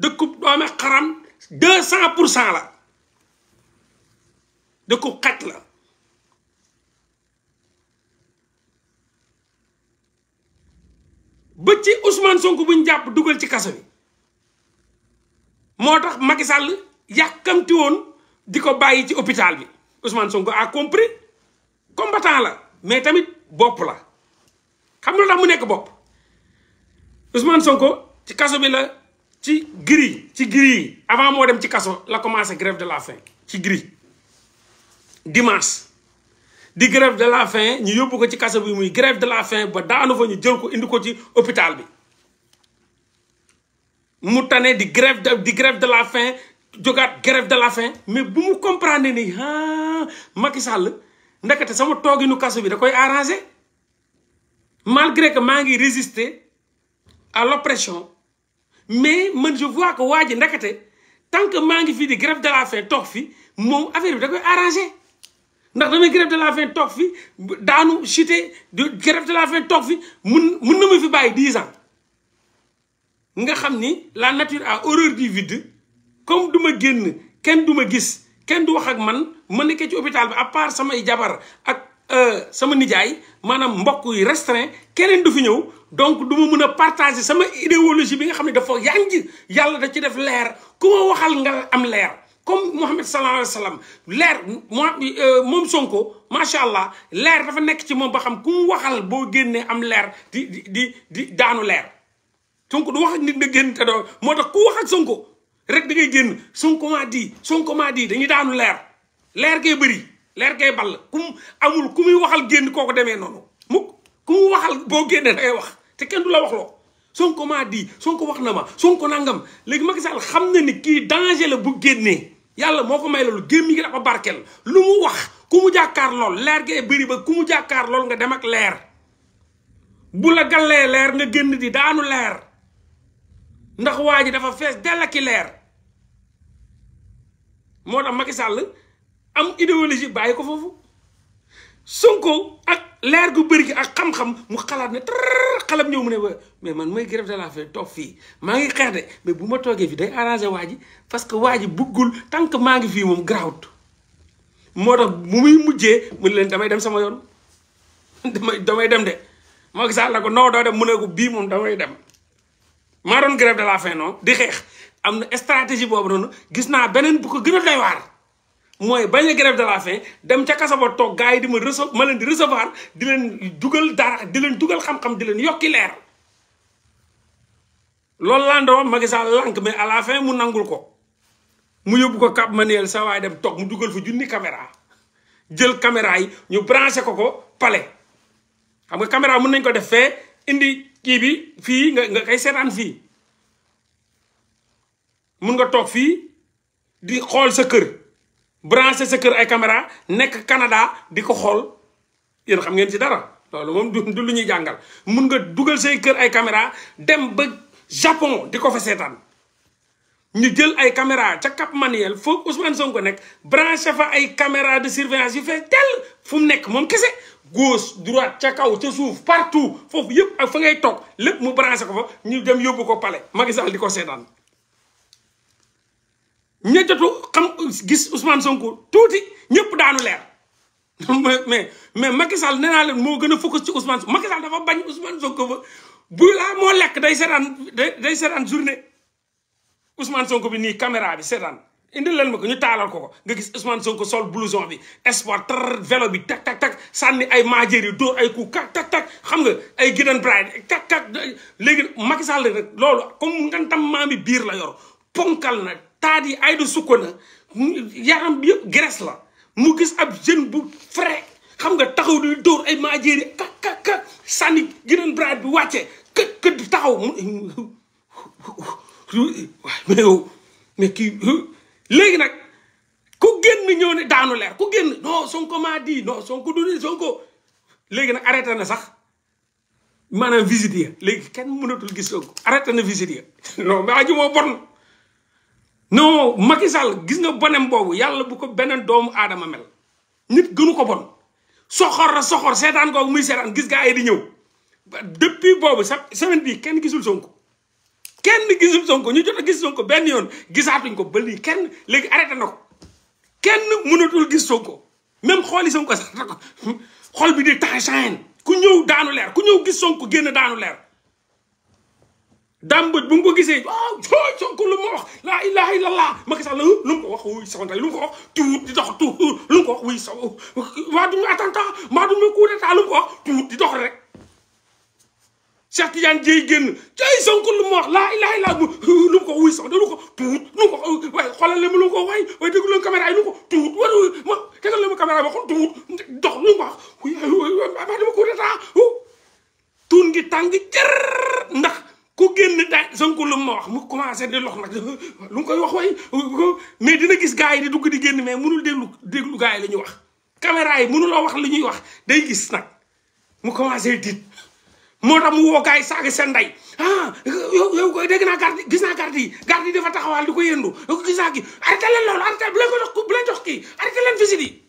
dëkkub doome xaram deux cent la dëkkub xaj la ba ci Ousmane Sonko bu ñu jàpp dugal ci kaso bi moo tax Macky Sall yàkkamti woon di ko bàyyi ci hôpital bi Ousmane Sonko a compris combattant la mais tamit bopp la xam nga tax mu nekk bopp Ousmane Sonko ci kaso bi la ci gris ci gris yi avant moo dem ci kaso la commencé grève de la faim ci gris dimanche di grève de la faim ñu yobbu ko ci casse bi muy grève de la faim ba daanu fa ñu jël ko indi ko ci hôpital bi mu tane di grève de di grève de la faim jógaat grève de la faim mais bu mu comprendre ni ha Macky Sall ndekete sama ñu casse bi da koy arrangé malgré que ma ngi résister à l'oppression mais man je vois que waa ji tant que ma ngi fi di grève de la faim tok fi moom affaire bi da koy arrangé. ndax damay grève de la fait toog fi daanu chuté grève de la fait toog fi mun mun na ma fi bàyyi dix ans nga xam ni la nature a horreur du vide comme du génn kenn du ma gis kenn du wax ak man ma nekkee ci hôpital bi à part samay jabar ak euh, sama nijaay maanaam mbokk yi restreint keneen du fi ñëw donc du ma mën a partager sama idéologie bi nga xam ne dafa yanj yàlla da ci def leer ku ma waxal nga am leer comme Mouhamed sallallahu alayhi wa sallam leer euh, moom Sonko macha allah leer dafa nekk ci moom ba xam ku waxal boo génnee am leer di di di di daanu leer Sonko du wax ak nit nga génn te doo moo tax ku wax ak Sonko rek da ngay génn Sonko di Sonko maa dañuy daanu leer leer kay bëri leer kay ball ku mu amul ku muy waxal génn kooku demee noonu mukk ku waxal boo génnee da wax te kenn du la wax loo Sonko maa di Sonko wax na ma Sonko nangam léegi Macky Sall xam na ni kii danger la bu génnee. yàlla moo ko may loolu gémmi gi dafa barkeel lu mu wax ku mu jàkkaar lool leer gee bëri ba ku mu jàkkaar lool nga dem ak leer bu la gallee leer nga génn di daanu leer ndax waa ji dafa fees dell ak i leer moo tax Macky am idéologie bàyyi ko foofu Sonko ak leer gu bëri gi ak xam-xam mu xalaat ne tërr xalam ñëw mu ne mais man mooy grève de la faim toog fii maa ngi xeex de mais bu ma toogee fii day arrangé waa parce que waa ji buggul tant que maa ngi fii moom garaawut moo tax bu muy mujjee mu leen damay dem sama yoon damay damay dem de moo gisaat la ko noo doo dem mu ne ko bii moom damay dem maa doon grève de la faim noonu di xeex am na stratégie boobu noonu gis naa beneen bu ko gën a doy waar moy bañ grève de la faim dem ca kasaba toog gars di ma reçoit ma len di recevoir di len dugal dara di len dugal xam-xam di len yokki leer loolu la ndo magi sa lank mais à la fin mu nangul ko mu yobbu ko Cap Manuel sa way dem tok mu duggal fu jundi caméra jël caméra yi ñu brancher ko ko palais xam nga caméra mu nañ ko def fee indi ki bi fi nga nga kay sétane fi mun nga tok fi di xol sa kër branché sa kër ay caméra nekk Canada di ko xool yéen xam ngeen si dara loolu moom du lu ñuy jàngal mun nga dugal say kër ay caméra dem ba Japon di ko fa seetaan ñu jël ay caméra ca Cap Manuel foog Ousmane ko nekk branché fa ay caméra de surveillance yu fee tel fu nekk moom kese gauche droite ca kaw ca suuf partout foofu yëpp ak fa ngay toog lépp mu branché ko fa ñu dem yóbbu ko palais Macky Sall di ko seetaan ña jotu xam gis Ousmane Sonko tuuti ñëpp daanu leer mais mais Macky Sall nee leen moo gën a focus ci Ousmane Sonko Macky Sall dafa bañ Ousmane Sonko ba bu laa moo lekk day seetaan day day seetaan journée Ousmane Sonko bi nii caméra bi seddaan indil leen ma ko ñu taalal ko ko nga gis Ousmane Sonko sol blouson bi espoir tar vélo bi tak tak tak sànni ay maajéer yi dóor ay coup tak tak tak xam nga ay gidan bride tak tak léegi Macky Sall rek loolu comme ngantam maami biir la yor ponkal na stade yi Aïda Soukona yaram bi yëpp graisse la mu gis ab jeune bu frais xam nga taxaw di dóor ay maajeeri ka ka ka sànni geneen bras bi wàcce kë kë taxaw mais yow mais kii léegi nag ku génn ñëw ne daanu leer ku génn non Sonko maa di non Sonko du Sonko léegi nag arrêté na sax maanaam visite ya léegi kenn mënatul gis Sonko arrêté na visite ya non mais aji moo non Macky Sall gis nga bonem boobu yàlla bu ko beneen doomu aadama mel nit gënu ko bon soxor la soxor seetaan googu muy seetaan gis gaa yi di ñëw depuis boobu sa semaine bii kenn gisul Sonko kenn gisul Sonko ñu jot a gis Sonko benn yoon gisaatuñ ko ba lii kenn léegi arrêté na ko kenn mënatul gis Sonko même xooli Sonko sax xool bi di tax a ku ñëw daanu leer ku ñëw gis Sonko génn daanu leer dàmbëj bu mu ko gisee waaw sooy Sonko lu ma wax laa ilaha illallah Macky Sall lu mu ko wax wuy sawantay lu mu ko wax tuut di dox tuut lu mu ko wax wuy saw waa duñu attentat maa duñu coup d'état lu mu ko wax tuut di dox rek Cheikh Tidiane Dieye génn cay Sonko lu ma wax laa ilaha illallah lu mu ko wuy saw da lu ko tuut lu mu ko waaye xoolal ma lu mu ko waay waaye déglu leen caméra yi lu mu ko tuut wala ma tegal leen ma caméra yi waxoon tuut dox lu mu ko wax maa duñu coup d'état tuun ngi tàng jër ndax ku génn daaj Sonko lu ma wax mu commencé di lox nag lu mu koy wax way mais dina gis gars yi di dugg di génn mais mënul déglu déglu gars yi la ñuy wax caméra yi mënuloo wax li ñuy wax day gis nag mu commencé tiit moo tax mu woo gars yi saaga seen ndey ah yow yow dégg naa garde gis naa garde yi garde yi dafa taxawaal di ko yëndu gis naa kii arrêté leen loolu arrêté bu leen ko jox bu leen jox kii arrêté leen visite yi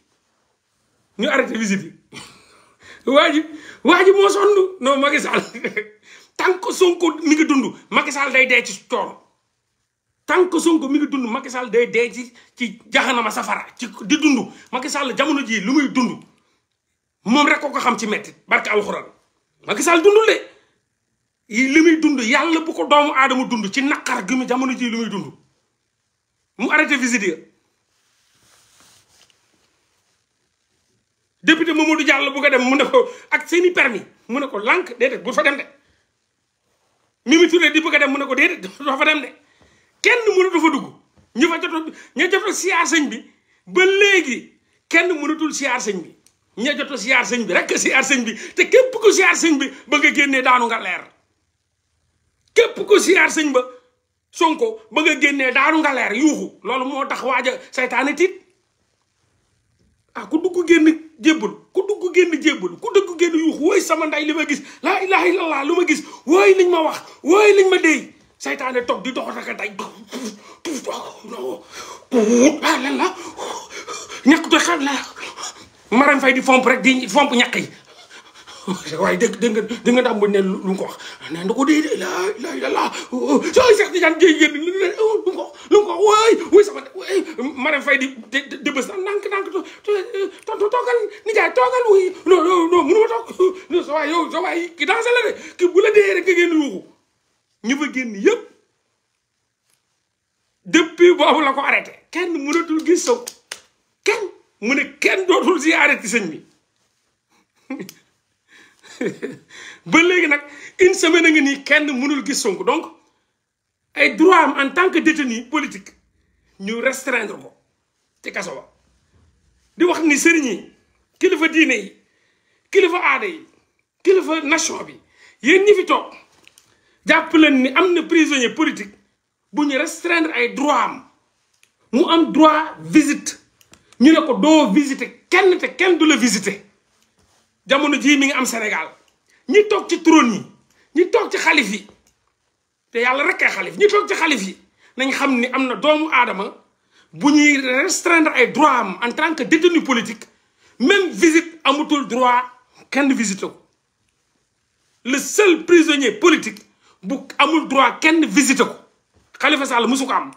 ñu arrêté visite yi waa ji waa ji moo sonn tant que Sonko mi ngi dund Macky Sall day dee ci que Sonko mi dund Macky Sall day dee ci jaxanama safara ci di dund Macky Sall jamono jii lu muy dund moom rek xam ci metti barke alxuraan Macky Sall dundul de li muy dund yàlla bu ko doomu aadama dund ci naqar gi mu jamono jii lu muy dund mu arrêté visite député Mamadou Diallo bu ko dem mu ne ko ak seeni permis mu ne ko lànk déedéet bu fa dem de Mimi turee di bëgg dem mu ne ko déedéet doo fa dem de kenn mënatu fa dugg ñu fa jot ña jot a siyaar sëñ bi ba léegi kenn mënatul siyaar sëñ bi ña jot a bi rek siyaar sëñ bi te képp ku siyaar sëñ bi ba nga génnee daanu nga leer képp ko siyaar sëñ ba Sonko ba nga génnee daanu nga leer yuuxu loolu moo tax waaja seytaane saytaane tiit ah ku dugg génn jébbalu ku dugg génn jébbalu ku dugg génn yuux wooy sama nday li ma gis laa ilaha illallah lu ma gis wooy liñ ma wax wooy liñ ma déy saytaane toog di dox rek a day lan la ñàkk doy xam la maram fay di fomp rek di fomp ñàkk yi waaye dégg dégg nga dégg nga ndax mu ne lu mu ko wax naan ko dee dee laa ilaaha illallaah sooy Cheikh Tidiane Dièye génn lu mu ko lu mu waay waay sama di di bés naan ndànk ndànk tontu toogal nijaay toogal wuy non non non mënu ma toog non waay yow sa waay ki dansé la de ki bu la dee rek nga génn yuuxu ñu fa génn yëpp depuis boobu la ko arrêté kenn mënatul gis sow kenn mu ne kenn dootul si arrêté sëñ bi ba léegi nag une semaine a nga nii kenn mënul gis Sonko donc ay droit am en tant que détenu politique ñu restreindre ko ci kaso ba di wax ni sëriñ kilifa diine yi kilifa aada yi kilifa nation bi yéen ñi fi toog jàpp leen ni am na prisonnier politique bu ñu restreindre ay droit am mu am droit visite ñu ne ko doo visiter kenn te kenn du la visiter jamono ji mi ngi am Sénégal ñi tok ci trône yi ñi tok ci khalife yi té yalla rek ay khalife ñi tok ci khalife yi nañ xam ni am doomu adama bu ñuy restreindre ay droit am en tant que détenu politique même visite amutul droit kenn visite ko le seul prisonnier politique bu amul droit kenn visite ko Khalifa Sall mosu ko am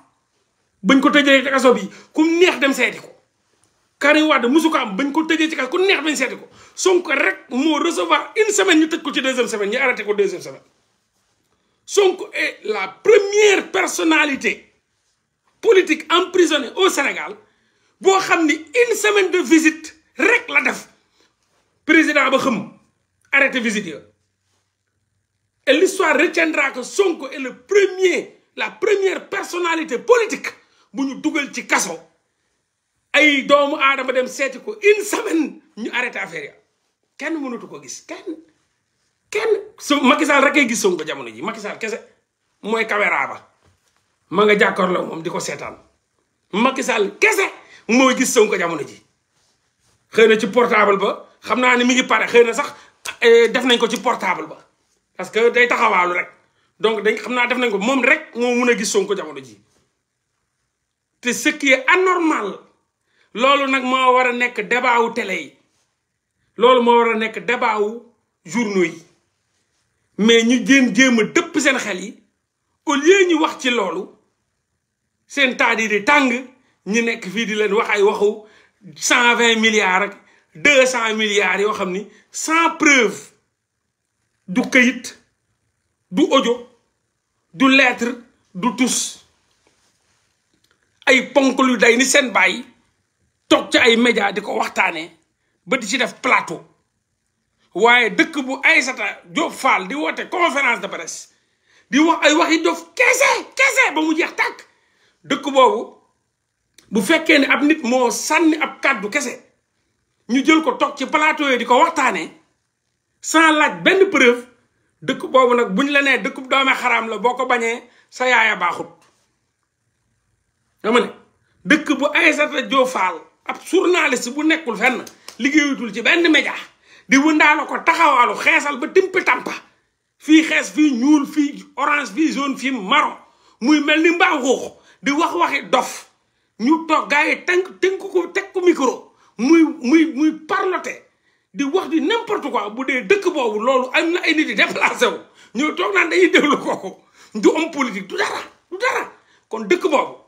bañ ko tëjee bi kum neex dem seeti Karim Wade musu ko am bañ ko tëjee ci kaso ku neex bagn setiko Sonko rek mo recevoir une semaine ñu tëj ko ci deuxième semaine arrêté ko deuxième semaine Sonko est la première personnalité politique emprisonnée au Sénégal bo xamni une semaine de visite rek la def président ba xam arrêté visite et l'histoire retiendra que Sonko est le premier la première personnalité politique bu ñu dugal ci kasso ay doomu aadama dem seeti ko une semaine ñu arrêté affaire ya kenn mënatu koo gis kenn kenn su Macky Sall rek ay gis Sonko jamono ji Macky Sall kese mooy caméra ba ma nga jàkkaarloo moom di ko seetaan Macky Sall kese mooy gis Sonko jamono ji xëy na ci portable ba xam naa ne mi ngi pare xëy na sax eh, def nañ ko ci portable ba parce que day taxawaalu rek donc dañ xam naa def nañ ko moom rek moo mun a gis ko jamono ji te ce qui anormal loolu nag moo war a nekk débat wu yi loolu moo war a nekk débat wu mais ñu jéem jéem a dëpp seen xel yi au lieu ñu wax ci loolu seen taat yi tàng ñu nekk fii di leen wax ay waxu cent vingt milliards ak deux cent milliards yoo xam ni cent preuve du këyit du ojo du leetre du tus ay ponk lu day ni seen bàyyi toog ci ay média di ko waxtaanee ba di ci def plateau waaye dëkk bu aysata Diop Fall di woote conférence de presse di wax ay waxi Diop kese kese ba mu jeex tàkk dëkk boobu bu fekkee ne ab nit moo sànni ab kàddu kese ñu jël ko toog ci plateau yi di ko waxtaanee sans laaj benn preuve dëkk boobu nag buñ la nee dëkkub doome xaraam la boo ko bañee sa yaaya baaxut dama ne dëkk bu Aïssata Diop Fall ab journaliste bu nekkul fenn liggéeyutul ci benn média di wëndaala ko taxawaalu xeesal ba timpi tampa fii xees fii ñuul fii orange fii zone fii maro muy mel ni mbaam xuux di wax waxi dof ñu toog gars yi tënk tënk ko teg ko micro muy muy muy parloté di wax di n'importe am bu dee dëkk boobu loolu am na ay nit di déplacé wu ñoo toog naan dañuy déglu kooku du homme politique du dara du dara kon dëkk boobu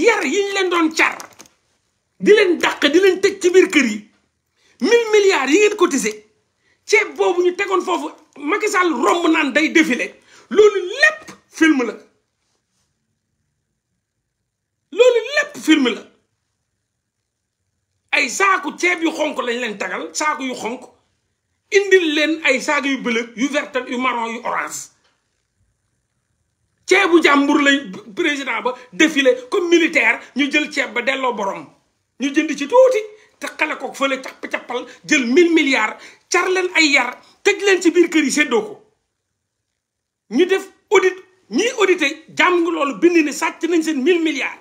yar yiñ leen doon car di leen dàq di leen tëj ci biir kër yi mille milliards yi ngeen cotisé ceeb boobu ñu tegoon foofu Macky Sall romb naan day défilé loolu lépp film la loolu lépp film la ay saaku ceeb yu xonk lañ leen tagal saaku yu xonk indil leen ay saaku yu bëlëg yu verte yu marron yu orange ceebu jàmbur lay président ba défilé comme militaire ñu jël ceeb ba delloo borom ñu jënd ci tuuti te xale ko fële capp cappal jël mill milliards car leen ay yar tëj leen ci biir kër yi séddoo ko ñu def audit ñiy audité jàmm loolu bind ni sàcc nañ seen mille milliards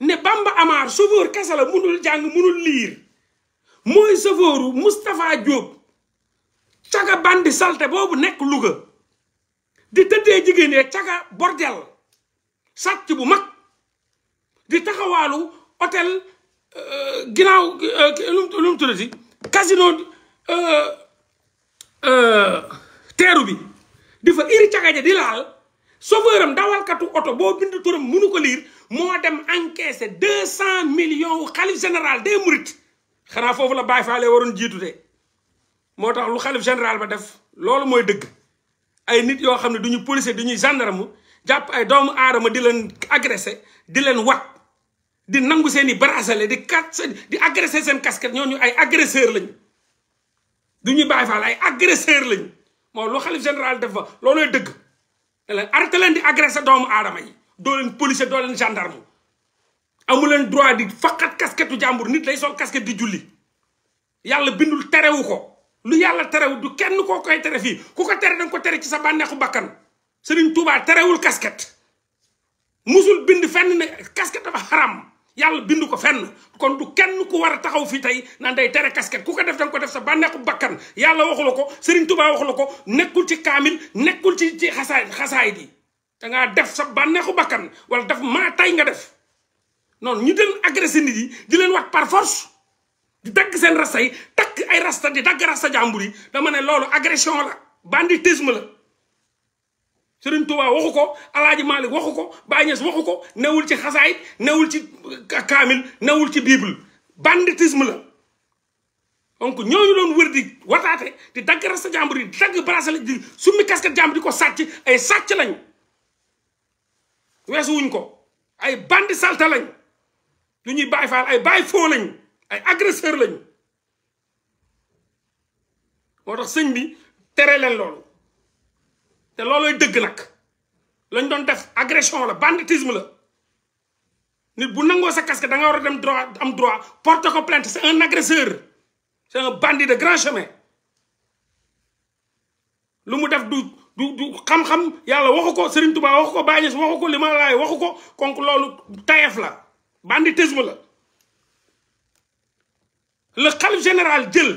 ne Bamba Amar chauffeur kese la munul jàng munul liir mooy chauffeuru Moustapha Diop caga bandi salte boobu nekk Louga di tëddee jigéen ñi caga bordel sàcc bu mag di taxawaalu hôtel euh, ginnaaw euh, lu mu tuddati casino euh, teeru bi di fa iri caga ja di laal chauffeur am dawalkatu oto boo bind turam munu ko liir moo dem encaissé deux cent millions xalif général des mourides xanaa foofu la Baay Faal waroon jiitu de moo tax lu xalif général ba def loolu mooy dëgg ay nit yoo xam ne du ñu policier du ñuy gendarme jàpp ay doomu aadama di leen agressé di leen wat di nangu seen i bracelet di kat di agressé seen casquette ñooñu ay agresseur lañu. du ñuy bàyyi faal ay agresseur lañu moom lu xalif général def fa loolooy dëgg ne leen arrêté leen di agressé doomu aadama yi doo leen policier doo leen gendarme amu leen droit di faqat casquette jàmbur nit lay sol casquette di julli yàlla bindul terewu ko. lu yàlla terewul du kenn koo koy tere fii ku ko tere danga ko tere ci sa bànneexu bàkkan Serigne Touba terewul kasket musul bind fenn ne casquette dafa xaram yàlla bind ko fenn kon du kenn ku war a taxaw fii tey naan day tere kasket ku ko def danga ko def sa bànneexu bàkkan yàlla waxu la ko sëriñ Touba waxu la ko nekkul ci kaamil nekkul ci ci xasaay xasaay bi dangaa def sa bànneexu bàkkan wala daf maa tey nga def noonu ñu den agressé nit yi di leen wax par di dagg seen rasta yi takk ay rasta di dagg rasta jàmbur yi dama ne loolu agression la banditisme la Sëriñ Tuubaa waxu ko Alaaji Maalik waxu ko Baay Ñas waxu ko newul ci xasaayit newul ci kaamil newul ci bible banditisme la donc ñooñu doon wër di wataate di dagg rasta jàmbur yi di dagg bracelet di summi casquette jàmbur di ko sàcc ay sàcc lañ weesu wuñ ko ay bandi salta lañ lu ñuy Baay Faal ay Baay Foo lañ ay agresseur lañu motax señ bi téré leen lool té looloy dëgg nak lañ doon def agression la banditisme la nit bu nango sa casque da nga wara dem droit am droit porte ko plainte c'est un agresseur c'est un bandit de grand chemin lu mu def du du du xam-xam yalla waxuko ko Serigne Touba waxuko ko waxuko Niass waxu ko Limamou Laye ko konk tayef la banditisme la le xalif général jël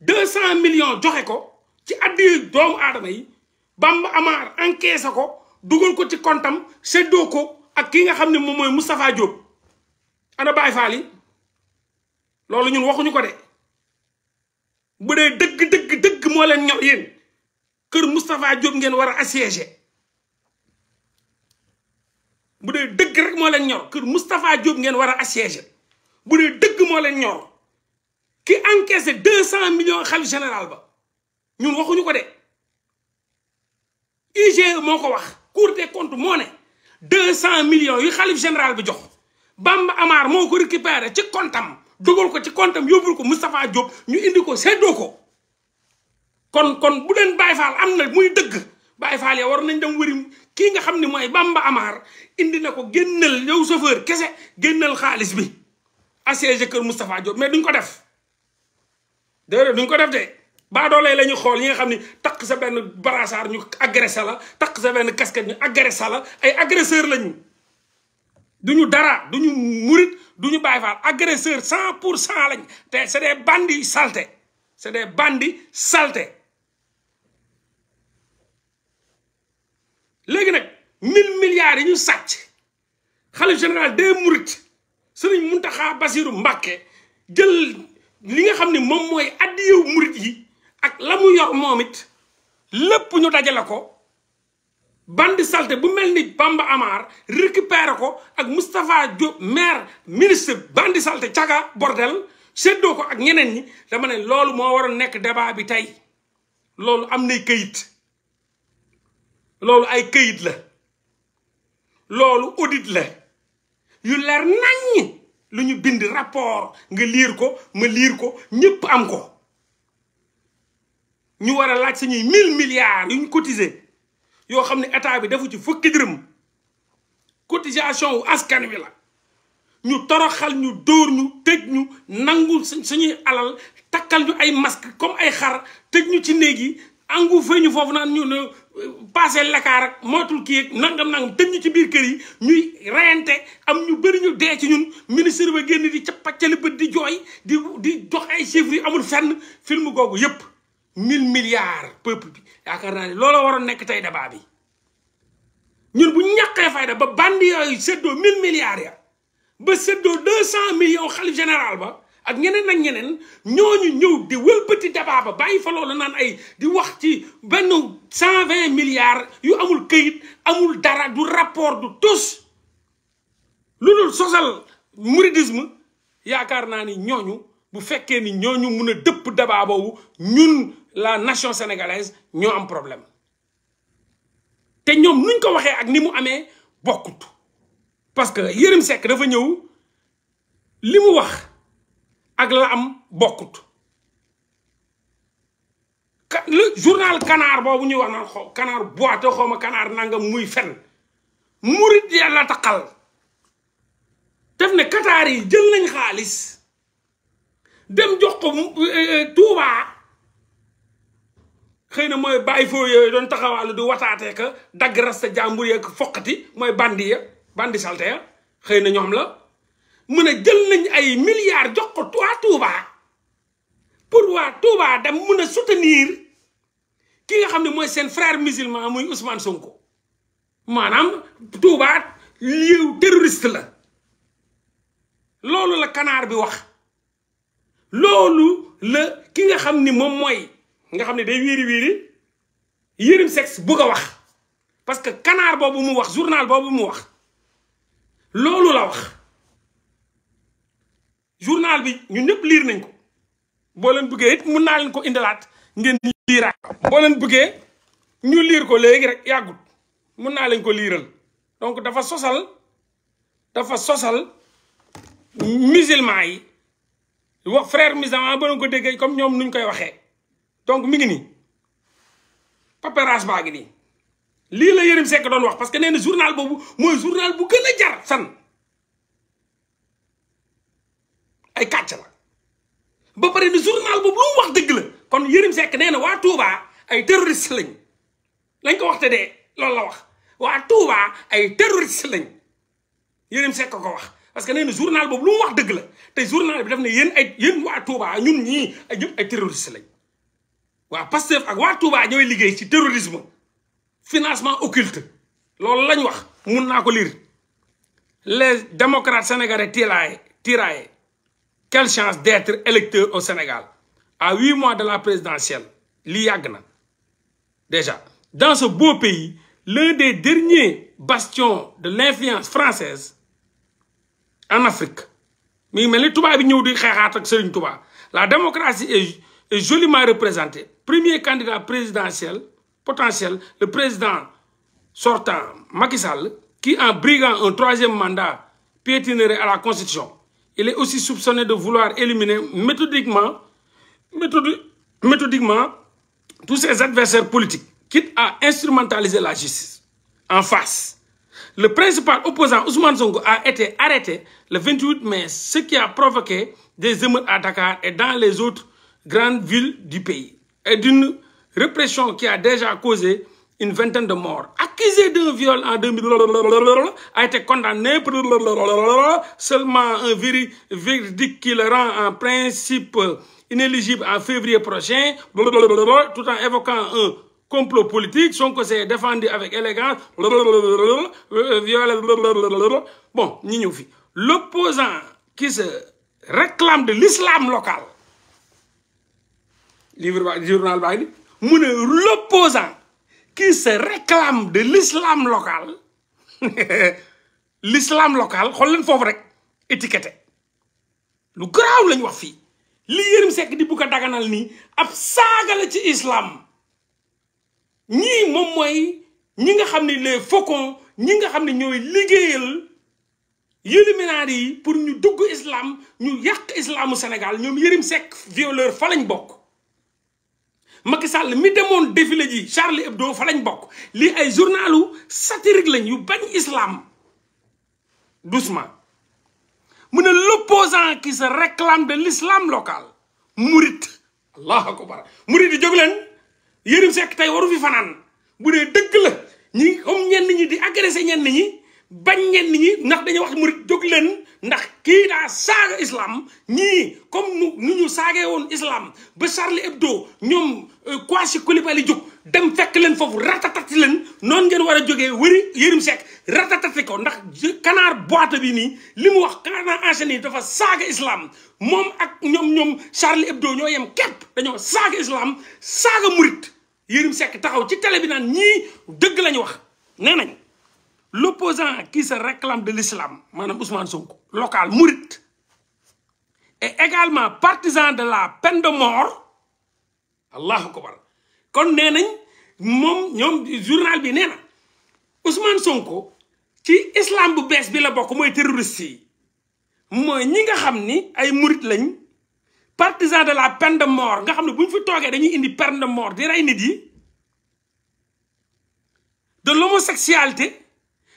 deux cent million joxe ko ci addi doomu aadama yi Bamba Amar encaissé ko dugal ko ci kontam seddoo ko ak ki nga xam ne moom mooy Moustapha Diop ana Baye Fall yi loolu ñun waxuñu ko de bu dee dëgg dëgg dëgg moo leen ñor yéen kër Moustapha Diop ngeen war a assiégé bu dee dëgg rek moo leen ñor kër Moustapha Diop ngeen war a assiégé bu dee dëgg moo leen ñor ki encaissé deux cent millions xalif général ba ñun waxuñu ko de e moo ko wax cour des comptes moo ne cent millions yu xalif général bi jox Bamba Amar moo ko récupéré ci kontam dugal ko ci kontam yóbbul ko Moustapha Diop ñu indi ko seddoo ko kon kon bu leen Baye am na muy dëgg Baye Fall ya war nañ dem wëri kii nga xam ni mooy Bamba Amar indi na ko génnal yow chauffeur kese génnal xaalis bi assiégé kër Moustapha Diop mais duñ ko def déedéet duñ ko def de baadoolee la ñu xool ñi nga xam ne takk sa benn brassard ñu agressé la takk sa benn casquette ñu agressé la ay agresseur lañu duñu dara du duñu murit ñu bàyyi faal agresseur cent pour cent lañ te c'est des bandits salté c'est des bandits salté léegi nag mille milliards yi ñu sàcc xalif général des mourides Sëriñ Muntaxa Basiru Mbàkke jël li nga xam ne moom mooy addiyew murit yi ak la mu yor moom it lépp ñu dajale ko bandi salte bu mel ni Bamba Amar récupéré ko ak Moustapha Diop maire ministre bandi salte caga bordel seddoo ko ak ñeneen ñi dama ne loolu moo war a nekk débat bi tey loolu am nay këyit loolu ay këyit la loolu audit la yu leer naññ lu ñu bind rapport nga liir ko ma liir ko ñëpp am ko ñu war a laaj suñuy mille milliards yu ñu cotisé yoo xam ne état bi defu ci fukki dërëm cotisation wu askan wi la ñu toroxal ñu dóor ñu tëj ñu nangu su suñuy alal takkal ñu ay masque comme ay xar tëj ñu ci néeg yi angu fee foofu naan ñu ne passé lakaar ak mootul kii ak nangam nangam tëj ñu ci biir kër yi ñuy reyante am ñu bëri ñu dee ci ñun ministre ba génn di cappaccali bët di jooy di di jox ay chiffres amul fenn film googu yëpp mille milliards peuple bi yaakaar naa ne war a nekk tey débat bi ñun bu ñàqee fayda ba bandi yooyu séddoo mille milliar ya ba séddoo deux cent millions xalif général ba ak ñeneen ak ñeneen ñooñu ñëw di wëlbati débat ba bàyyi fa loolu naan ay di wax ci benn 120 milliards yu amul këyit amul dara du rapport du tous lu dul sosal mouridisme yaakaar naa ni ñooñu bu fekkee ni ñooñu mun a dëpp débat boobu ñun la nation sénégalaise ñoo am problème te ñoom nuñ ko waxee ak ni mu amee bokkut parce que Yérim Seck dafa ñëw li mu wax ak la am bokkut le journal Canard boobu ñuy wax naan xaw Canard boite xaw ma Canard nangam muy fen murit yàlla taqal def ne Qatar yi jël nañ xaalis dem jox ko euh, euh, Touba xëy na mooy bàyyi foo yooyu doon taxawaalu di wataatee ka dagg rasta jàmbur yeeg foqati mooy bandi ya bandi salte ya xëy na ñoom la mu a jël nañ ay milliards jox ko waa Touba pour waa Touba dem mun a soutenir ki nga xam ne mooy seen frère musulman muy Ousmane Sonko maanaam Touba lieu terroriste la loolu la kanaar bi wax loolu la ki nga xam ni moom mooy nga xam ne day wiiri wiiri Yérim Seck bugg a wax parce que kanaar boobu mu wax journal boobu mu wax loolu la wax journal bi ñun ñëpp liir nañ ko boo leen bëggee it mun naa leen ko indilaat ngeen liiraat boo leen bëggee ñu liir ko léegi rek yàggut mun naa leen ko liiral donc dafa sosal dafa sosal musulman yi wax frère musulman ba ko déggee comme ñoom nuñ koy waxee donc mi ngi nii paperaas baa ngi nii lii la Yérim Seck doon wax parce que nee boobu mooy journal bu gën a jar san ay kàcc la ba pare ne journal boobu lu mu wax dëgg la kon Yërim Seck nee na waa Touba ay terroriste lañ lañ ko waxte dee loolu wax waa Touba ay terroriste lañ Yërim Seck ko wax parce que nee na journal boobu lu mu wax dëgg la te journal bi daf na yéen ay yéen waa Touba ñun ñii ay ñëpp ay terroriste lañ waa Pastef ak waa Touba ñooy liggéey ci terrorisme financement occulte loolu lañ wax mun naa ko liir les démocrates sénégalais tiraillés tiraillés quelle chance d'être électeur au Sénégal à huit mois de la présidentielle L'IAGNA. déjà dans ce beau pays l'un des derniers bastions de l'influence française en Afrique Mais la démocratie est joliment représentée premier candidat présidentiel potentiel le président sortant Macky Sall qui en briguant un troisième mandat piétinerait à la constitution il est aussi soupçonné de vouloir éliminer méthodiquement, méthodiquement tous ses adversaires politiques, quitte à instrumentaliser la justice en face. Le principal opposant Ousmane Zongo a été arrêté le 28 mai, ce qui a provoqué des émeutes à Dakar et dans les autres grandes villes du pays, et d'une répression qui a déjà causé une vingtaine de morts. Accusé d'un viol en 2000, a été condamné pour seulement un verdict qui le rend en principe inéligible en février prochain, tout en évoquant un complot politique. Son conseil défendu avec élégance. Bon, L'opposant qui se réclame de l'islam local. Livre, journal, l'opposant qui se réclame de l'islam local l'islam local xool leen foofu rek étikete lu garaaw lañu wax fii li Yérim sekk di bugg a daganal nii ab saaga la ci islam ñii moom mooy ñi nga xam ni les faucons ñi nga xam ne ñooy liggéeyal yéliminaar yi pour ñu dugg islam ñu yàq islamu senegal ñoom Yérim Seck violeur fa lañ bokk Macky Sall mi demoon défilé ji Charlie Hebdo fa lañ bokk lii ay journalu satirique lañ yu bañ islaam doucement mu ne l'opposant qui se réclame de l'islam local murit allahu akbar murit yi jóg leen Yérim Seck tey waru fi fanaan bu dee dëgg la ñi comme ñenn ñi di agressé ñenn ñi bañ ñenn ñi ndax dañuy wax murit jóg leen ndax kii daa saaga islam ñii comme nu nu ñu saagee woon islam ba Charlie Hebdo ñoom euh, Kouachi Coulibaly jóg dem fekk leen foofu ratatati leen noonu ngeen war a jóge wëri Yérim Seck ratatati ko ndax Canard Boite bi nii li mu wax Canard enchaîné yi dafa saaga islam moom ak ñoom ñoom Charlie Hebdo ñoo yem képp dañoo saaga islam saaga murit Yérim Seck taxaw ci télé bi naan ñii dëgg lañu wax nee nañ l'opposant qui se réclame de l'islam madame Ousmane Sonko local mourit, est également partisan de la peine de mort allahu akbar Quand nee nous, moom journal bi nee Ousmane Sonko qui islam bu bees bi la bok moy terroriste moy ñi nga xamni ay lañ partisan de la peine de mort nga xamni buñ fi peine de mort di ray nit yi de l'homosexualité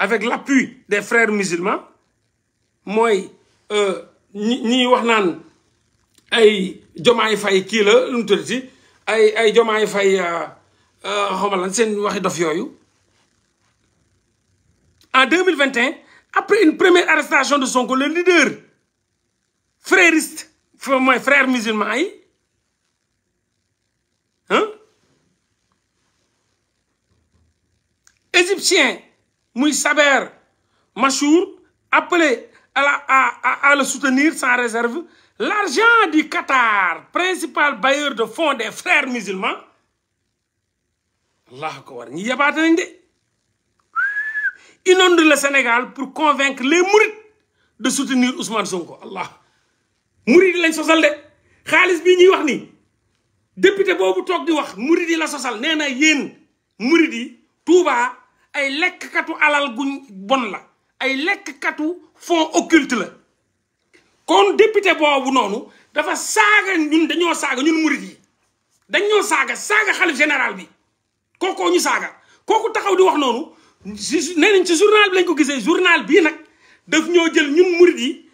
avec l'appui des frères musulmans Moi. Euh, ñi ñi wax naan ay jomaay fay kii la lu mu ay ay fay euh, euh, en 2021 après une première arrestation de son son le leader frériste Mon frère musulman hein égyptien muy Saber Machour appelé à, à, à, le soutenir sans réserve l'argent du Qatar principal bailleur de fonds des frères musulmans allah akbar ñi yabaate nañ de inonde le Sénégal pour convaincre les mourides de soutenir Ousmane Sonko allah Mourid sosal de xaalis bii ñuy wax député boobu Tok di wax Mouridi, la na Touba ay lekkkatu alal gu bon la ay lekkkatu fonds occulte la kon député boobu noonu dafa saaga ñun dañoo saaga ñun murit yi dañoo saaga saaga xalif général bi kookoo ñu saaga kooku taxaw di wax noonu nee nañ ci journal bi lañ ko gisee journal bii nag daf ñoo jël ñun murit yi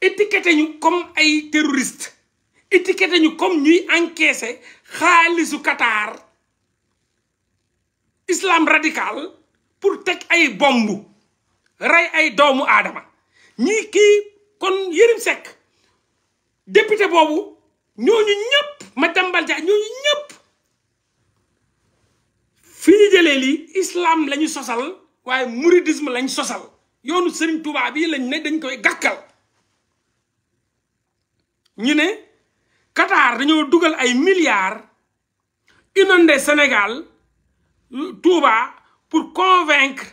étiqueté ñu comme ay terroriste étiqueté ñu comme ñuy encaissé xaalisu Qatar islam radical pour teg ay bomb rey ay doomu aadama ñii kii kon Yérim Seck député boobu ñooñu ñëpp ma tambal ja ñooñu ñëpp fi ñu jëlee lii islaam lañu sosal waaye mouridisme lañ sosal yoonu Serigne Touba bi lañ ne dañ koy gàkkal ñu ne Qatar dañoo dugal ay milliards inondé Sénégal Touba pour convaincre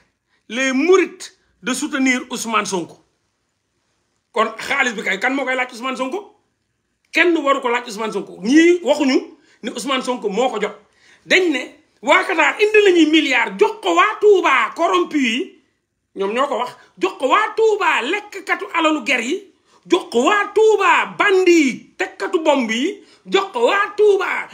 les mourites de soutenir Ousmane Sonko kon Khalid Bikay, kan moo koy Ousmane Sonko kenn waru ko laaj Ousmane Sonko ñii waxuñu ni Ousmane Sonko moo ko jox dañ ne waa Qatar indi la ñuy milliards jox ko waa Touba corrompu yi ñoom ñoo ko wax jox ko waa Touba katu alalu ger yi ko waa Touba bandi yi bombi, bomb yi jox ko waa Touba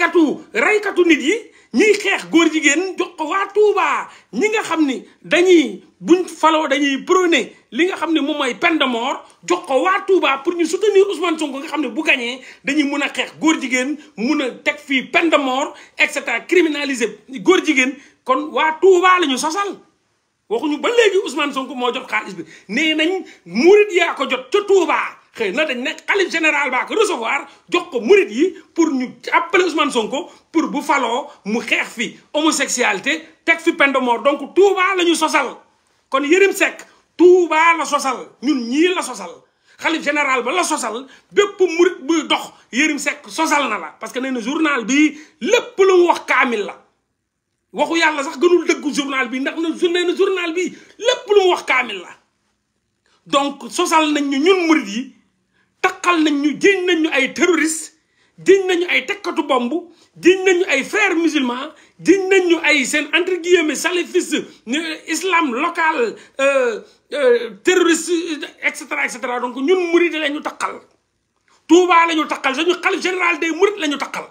katu reykatu katu nidi, ñuy xeex góor jigéen jox ko waa Touba ñi nga xam ni dañuy buñ faloo dañuy prôné li nga xam ne moom mooy peine de mort jox ko waa Touba pour ñu soutenir usman Sonko nga xam ne bu gañee dañuy mun a xeex góor jigéen mun a teg fii peine de mort et cetera criminaliser góor jigéen kon waa Touba lañu sasal waxuñu ba léegi Ousmane Sonko moo jot xaalis bi nee nañ murit yaa ko jot ca Touba. xëy général baa recevoir jox ko murit yi pour ñu appeler Ousmane Sonko pour bu faloo mu xex fi homosexualité teg fi peine de mort donc Touba lañu ñu sosal kon Yérim Seck Touba la sosal ñun ñi la sosal xalif général ba la sosal bépp murit bu dox Yérim Seck sosal na la parce que nee journal bi lepp lu wax Kamil la waxu yalla sax gënul deug journal bi ndax na journal bi lepp lu wax Kamil la donc sosal nañ ñun murit yi takal nañu diñ nañu ay terroriste diñ nañu ay takkatu bombu diñ nañu ay frères musulmans diñ nañu ay sen entre guillemets salafiste islam local euh, euh, cetera etc etc donc ñun murid lañu takal Touba lañu takal takkal suñu de général des mourides lañu takal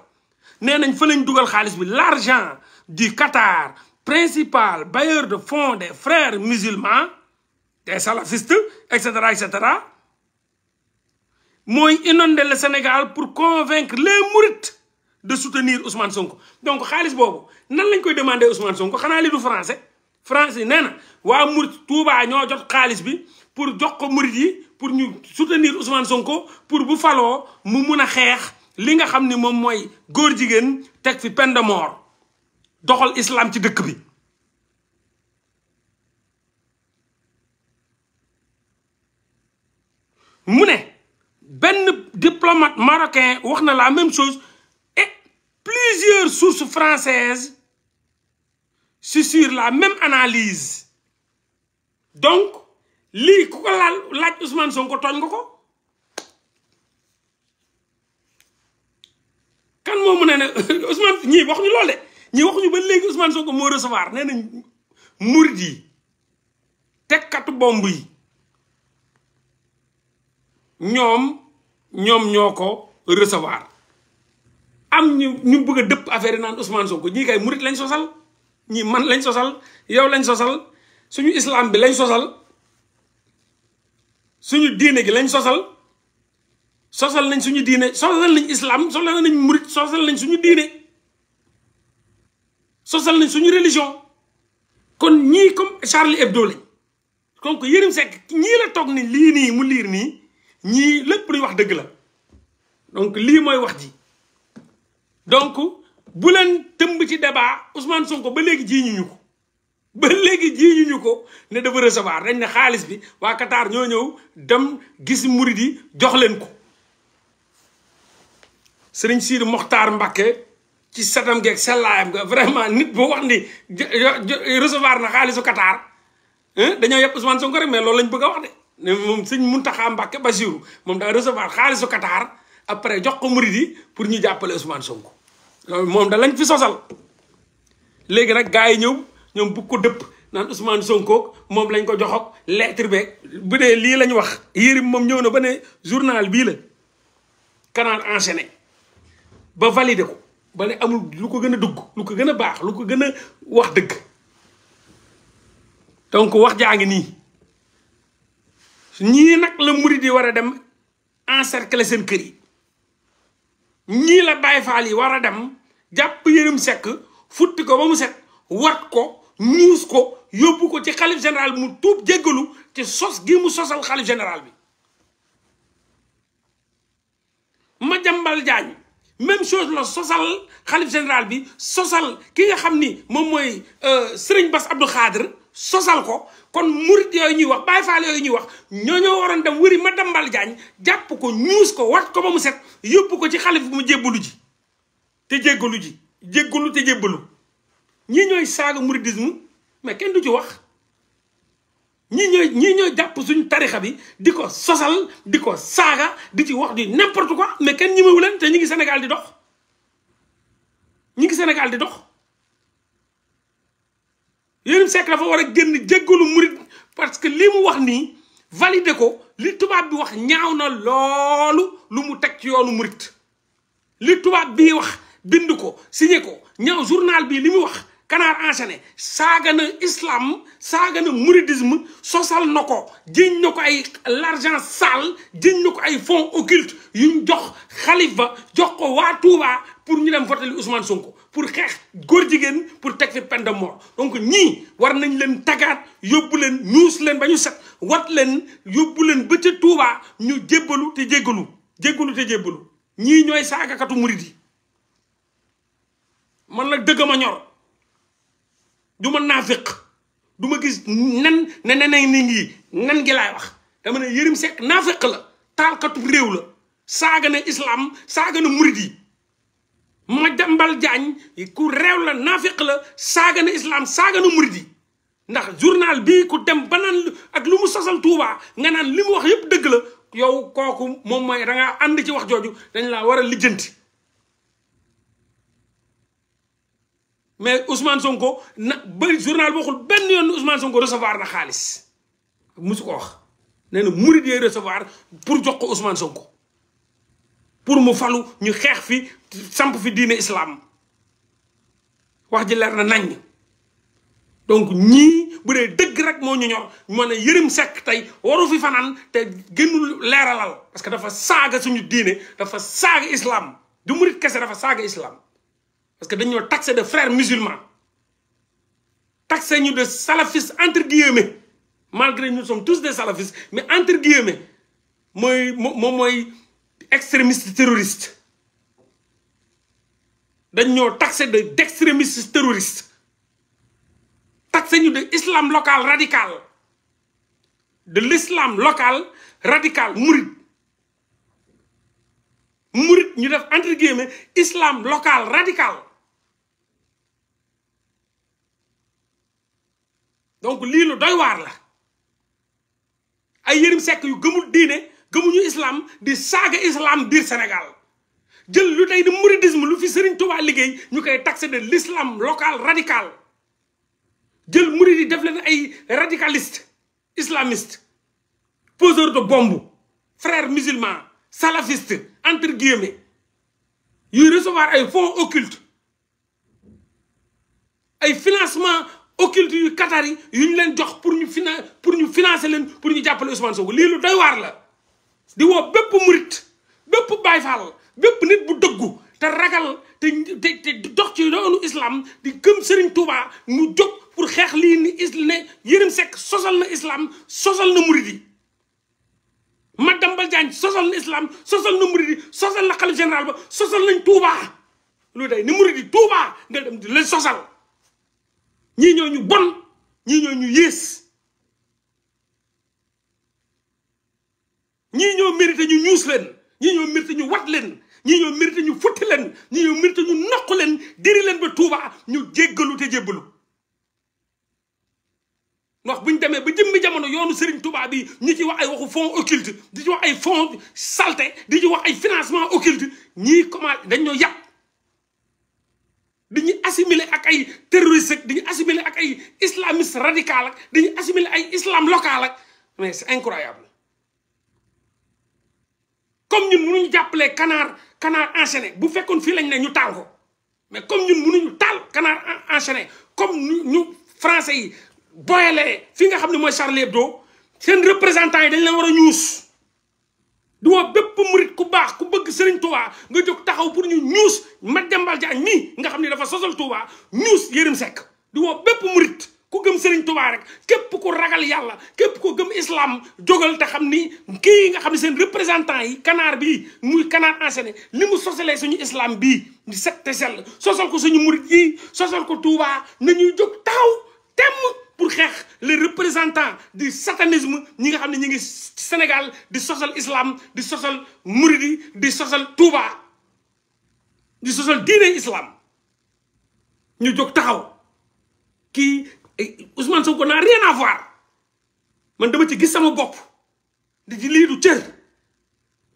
takkal nañ fa lañ duggal bi l'argent du Qatar principal bailleur de fonds des frères musulmans des salafistes etc. etc moy inonder le Sénégal pour convaincre les mourides de soutenir Ousmane Sonko donc Khalis Bobo nan lañ koy demander Ousmane Sonko xana li du français français nee wa waa Touba ño jot Khalis bi pour jox ko murid yi pour ñu soutenir Ousmane Sonko pour bu faloo mu mëna xex li nga xamni mom moy gor góor tek fi peine de mort doxal islam ci dëkk bi. Mune. ne ben, diplomate marocain wax la même chose et plusieurs sources françaises sur la même analyse donc li ko Ousmane Sonko togn ko kan mo ne Ousmane ñi wax ñu ba Ousmane Sonko recevoir ñoom ñoo ko recevoir am ñu ñu bëgg dëpp affaire yi naan Ousmane Sonko ñii kay murit lañ sosal ñii man lañ sosal yow lañ sosal suñu islam bi lañ sosal suñu diine lañ sosal sosal nañ suñu diine sosal nañ islam solal nañ murit sosal nañ suñu diine sosal nañ suñu religion kon ñii comme Charlie Hebdo lañ kon ko Yérim Seck ñii la toog ni lii nii mu liir nii ñii lépp luy wax dëgg la donc lii mooy wax ji donc bu leen tëmb ci débat Ousmane ko ba léegi jii ñu ko ba léegi jii ñu ko ne dafa recevoir dañ ne xaalis bi waa Qatar ñoo ñëw dem gis murid yi jox leen ko sëriñ Sidi Mokhtar Mbacké ci satam geeg sellaayam nga vraiment nit bu wax ni recevoir na xaalisu Qatar dañoo yëpp Ousmane Sonko rek mais loolu lañ bëgg a wax de ne moom sëñ Muntaxa Mbàkke Basiru moom daal recevoir xaalisu Qatar après jox ko murid yi pour ñu jàppale Ousmane Sonko loolu moom da lañ fi sosal léegi nag gars yi ñëw ñoom bu ko dëpp naan Ousmane Sonko moom lañ ko jox ak lettre beeg bu dee lii lañ wax Yérim moom ñëw na ba ne journal bii la Canard enchaîné ba validé ko ba ne amul lu ko gën a dugg lu ko gën a baax lu ko gën a wax dëgg donc wax jaa ngi nii ñii nag la murid yi war a dem encercler seen kër yi ñii la Baay Faal yi war a dem jàpp Yërim sekk futti ko ba mu set wat ko ñuus ko yóbbu ko ci xalif général mu tuub jéggalu ci sos gi mu sosal xalif général bi ma Madiambal Diagne même chose la sosal xalif général bi sosal ki nga xam ni moom mooy euh, Sëriñ Bass Abdou Khadre sosal ko kon murit yooyu ñuy wax Baay Faal yooyu ñuy wax ñoo ñoo waroon dem wëri ma dambal jaañ jàpp ko ñuus ko wat ko ma mu set yóbbu ko ci xalif mu jébbalu ji te jéggalu ji jéggalu te jébbalu ñii ñooy saaga muridisme mais kenn du ci wax ñii ñooy ñii ñooy jàpp suñu tarixa bi di ko sosal di ko saaga di ci wax di n'importe ko mais kenn ñi leen te ñi ngi senegal di dox ñi ngi Sénégal di dox Yérim Seck dafa war a génn jéggalu murit parce que lii mu wax nii validé ko li tubaab bi wax ñaaw na loolu lu mu teg ci yoonu murit li tubaab bi wax bind ko signé ko ñaaw journal bi li mu wax Canard enchaîné saaga na islam saaga na mouridisme sosal na ko jëñ na ko ay l'argent sale jëñ na ko ay fonds occulte yuñ jox ba jox ko waa Touba pour ñu dem voter Ousmane Sonko pour xeex góor jigéen pour teg fi peine de mort donc ñii war nañ leen tagaat yóbbu leen ñuus leen ba ñu set wat leen yóbbu leen ba ca Touba ñu jébbalu te jéggalu jéggalu te jébbalu ñii ñooy saagakatu murid yi man la dëgg ma ñor du ma naafiq du ma gis nen ne nenay ni ngi nen gi laay wax dama ne Yërim Seck naafiq la taalkatu réew la saaga na islam saaga na murid yi Madiambal Diagne ku réew la naafiq la saaga na islam saaga na murid yi ndax journal bi ku dem ba ak lu mu sosal Touba nga naan li mu wax yëpp dëgg la yow kooku moom mooy da ngaa ànd ci wax jooju dañ laa war a lijjanti. mais Ousmane Sonko na ba journal waxul benn yoon Ousmane Sonko recevoir na xaalis musu ko wax nee na murid yee recevoir pour jox ko Ousmane Sonko pour mu falu ñu xeex fi samp fi diine islam wax ji leer na nañ donc ñi bu dee dëgg rek moo ñu ñor mo ne yërim sekk tey waru fi fanan te gënul leeralal parce que dafa saaga suñu diine dafa saaga islam du murit kese dafa saaga islam parce que dañoo taxé de frères musulmans taxé ñu de salafis entre guillemets malgré nous sommes tous des salafistes mais entre guillemets moy moy mooy extrémiste terroriste dañu taxé de d'extrémistes terroristes taxé ñu de islam local radical de l'islam local radical murid, murid ñu def entre guillemets islam local radical donc li lu doy war la ay yërim sék yu gëmul diine gëmuñu islam di saga islam di sénégal jël lu tay di mouridisme lu fi Serigne Touba liguey ñukay koy taxé de l'islam local radical jël mouridi def leen ay radicaliste islamiste poseur de bombe frère musulman salafiste entre guillemets Ils recevoir ay fonds occultes ay financement occulte yu Qatar yu ñu leen jox pour ñu financer pour ñu financer leen pour ñu jàppale Ousmane Sonko li lu doy war la di wo bépp bépp Baay bépp nit bu dëggu te ragal te te dox ci yoonu islam di gëm Serigne Touba mu jóg pour xeex lii ni is ne Yérim Seck sosal na islam sosal na murid yi Madamba Diagne sosal na islam sosal na murid yi sosal na xalif général ba sosal nañ Touba lu day ni murid yi Touba nga dem di leen sosal ñii ñoo ñu bon ñii ñoo ñu yées ñii ñoo mérité ñu ñuus leen ñii ñoo mérité ñu wat leen ñii ñoo mérité ñu futti leen ñii ñoo mérité ñu noq leen diri leen ba Touba ñu jéggalu te jébbalu ndax bu ñu demee ba jëmmi jamono yoonu Serigne Touba bi ñi ci wax ay waxu fonds occulte di ci wax ay fonds salté di ci wax ay financement occulte ñii commencé dañ ñoo di dañuy assimilé ak ay terroriste di dañuy assimilé ak ay islamiste radical ak dañuy assimilé ay islam local ak mais comme ñun mënuñu jàppalee kanaar kanaar enchaîné bu fekkoon fii lañ ne ñu taal ko mais comme ñun mënuñu taal canard enchaîné comme ñu français yi boyalee fi nga xam ne mooy Charlie doo seen représentant yi dañ la war a ñuus du woo bépp murit ku baax ku bëgg Serigne Touba nga jóg taxaw pour ñu ñuus Madiambal Diagne mii nga xam ni dafa sosal Touba ñuus Yérim Seck du woo bépp murit ku gëm Serigne Touba rek képp ku ragal yàlla képp ku gëm islam jogal te xam ni kii nga xam ne seen représentant yi kanaar bii muy kanaar enchaîné li mu sosalee suñu islam bii di set te sell sosal ko suñu murit yi sosal ko Touba nañuy jóg taxaw temm pour xeex les représentants du satanisme ñi nga xam ne ñu ngi Sénégal di sosal islam di sosal murit yi di sosal Touba di sosal diine islam ñu jog taxaw kii Eh, Ousmane Sonko n'a rien à voir man dama ci gis sama bop. di di li du teur.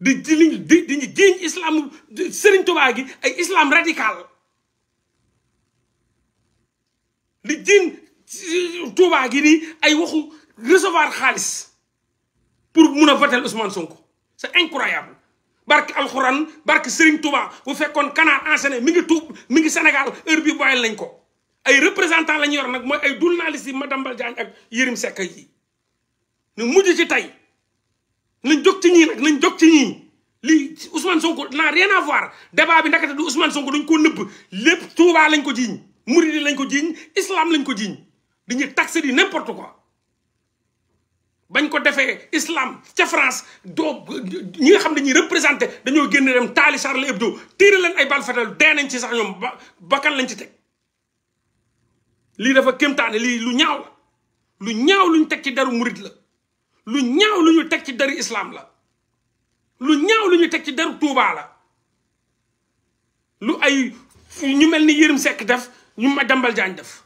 di di li di ni diñ islam Serigne Touba gi ay islam radical di diñ Touba gi ni ay waxu recevoir khalis pour mun voter Ousmane Sonko C'est incroyable barke alxuraan barke Serigne Touba bu fekkoon Canard enchaîné mi ngi tuub mi ngi Sénégal heure bi boyal ko. ay représentant la ñu yor nag mooy ay journaliste yi Madamba Diagne ak Yérim Seck yi nu mujj ci tey nañ jóg ci ñii nag nañ jóg ci ñii lii Ousmane Sonko n'a rien à voir débat bi ndakate du Ousmane Sonko dañ koo nëbb lépp Touba lañ ko jiiñ Mouride lañ ko jiiñ islam lañ ko jiiñ dañuy taxé di n'importe quoi bañ ko defee islam ca France doo ñi nga xam ne ñuy représenté dañoo génn dem taali Charlie Hebdo tiire leen ay bal fetal dee nañ ci sax ñoom ba bakkan lañ ci teg. lii dafa kéemtaane lii lu ñaaw lu ñaaw lu ñu teg ci deru murit la lu ñaaw lu ñu teg ci deru islaam la lu ñaaw lu ñu teg ci deru tuubaa la lu ay ñu mel ni Yërim sekk def ñu ma dambal jaañ def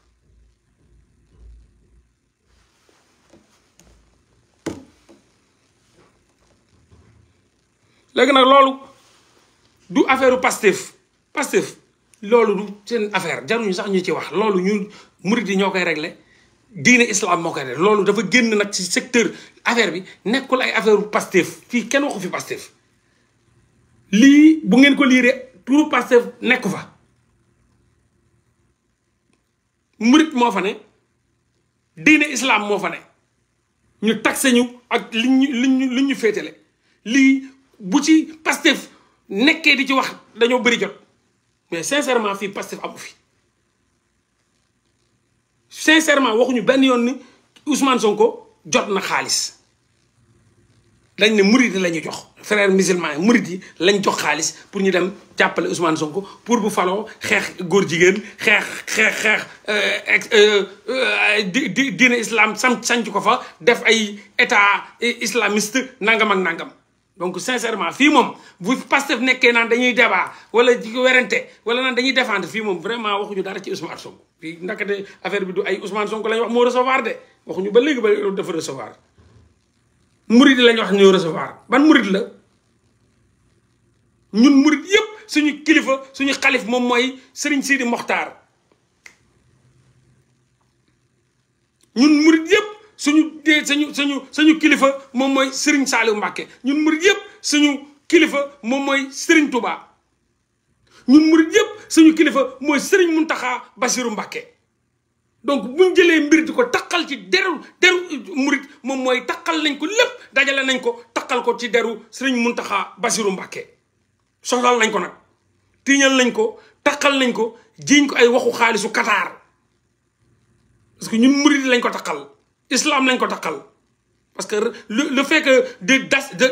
léegi nag loolu du affaire u Pastef loolu du seen affaire jaruñu sax ñu ci wax loolu ñu murid yi ñoo koy regle diine islam moo koy régler loolu dafa génn nag ci secteur affaire bi nekkul ay affaire Pastef fii kenn waxu fi Pastef lii bu ngeen ko liiree turu Pastef nekku fa murid moo fa ne diine islam moo fa ne ñu taxe ñu ak liñ ñu liñ ñu liñ ñu féetale lii bu ci Pastef nekkee di ci wax dañoo bëri jot mais sincèrement fi pasteur Abou fi sincèrement waxuñu ben yoon ni Ousmane Sonko jot na xaalis dañ ne mouride lañu jox frère musulman mouride murid lañ jox xaalis pour ñu dem jàppale Ousmane Sonko pour bu faloo xeex góor jigéen xex xeex xeex euh, euh, euh, di diine islam sam sanc ko fa def ay état islamiste nangam ak nangam donc sincèrement fii moom bu Pastef nekkee naan dañuy débat wala ji werante wala naan dañuy défendre fii moom vraiment waxuñu dara ci Ousmane Sonko fii ndakate affaire bi du ay Ousmane Sonko lañ wax moo recevoir de waxuñu ba léegi ba dafa recevoir murid lañ wax ñu recevoir ban murid la ñun murid yëpp suñu kilifa suñu xalif moom mooy Serigne Sidi Mokhtar ñun murid yëpp suñu dee sañu sañu sañu kilifa moom mooy Serigne Saliou Mbacké ñun murid yëpp suñu kilifa moom mooy Serigne Touba ñun murid yëpp suñu kilifa mooy Serigne Mountakha Bassirou Mbacké donc buñ jëlee mbir ko takkal ci deru deru murid moom mooy taqal nañ ko lépp dajale nañ ko taqal ko ci deru Serigne Mountakha Bassirou Mbacké soxlaal nañ ko nag tiiñal nañ ko takkal nañ ko jiiñ ko ay waxu xaalisu Qatar parce ñun murid lañ ko taqal islam lañ ko takal parce que le fait que de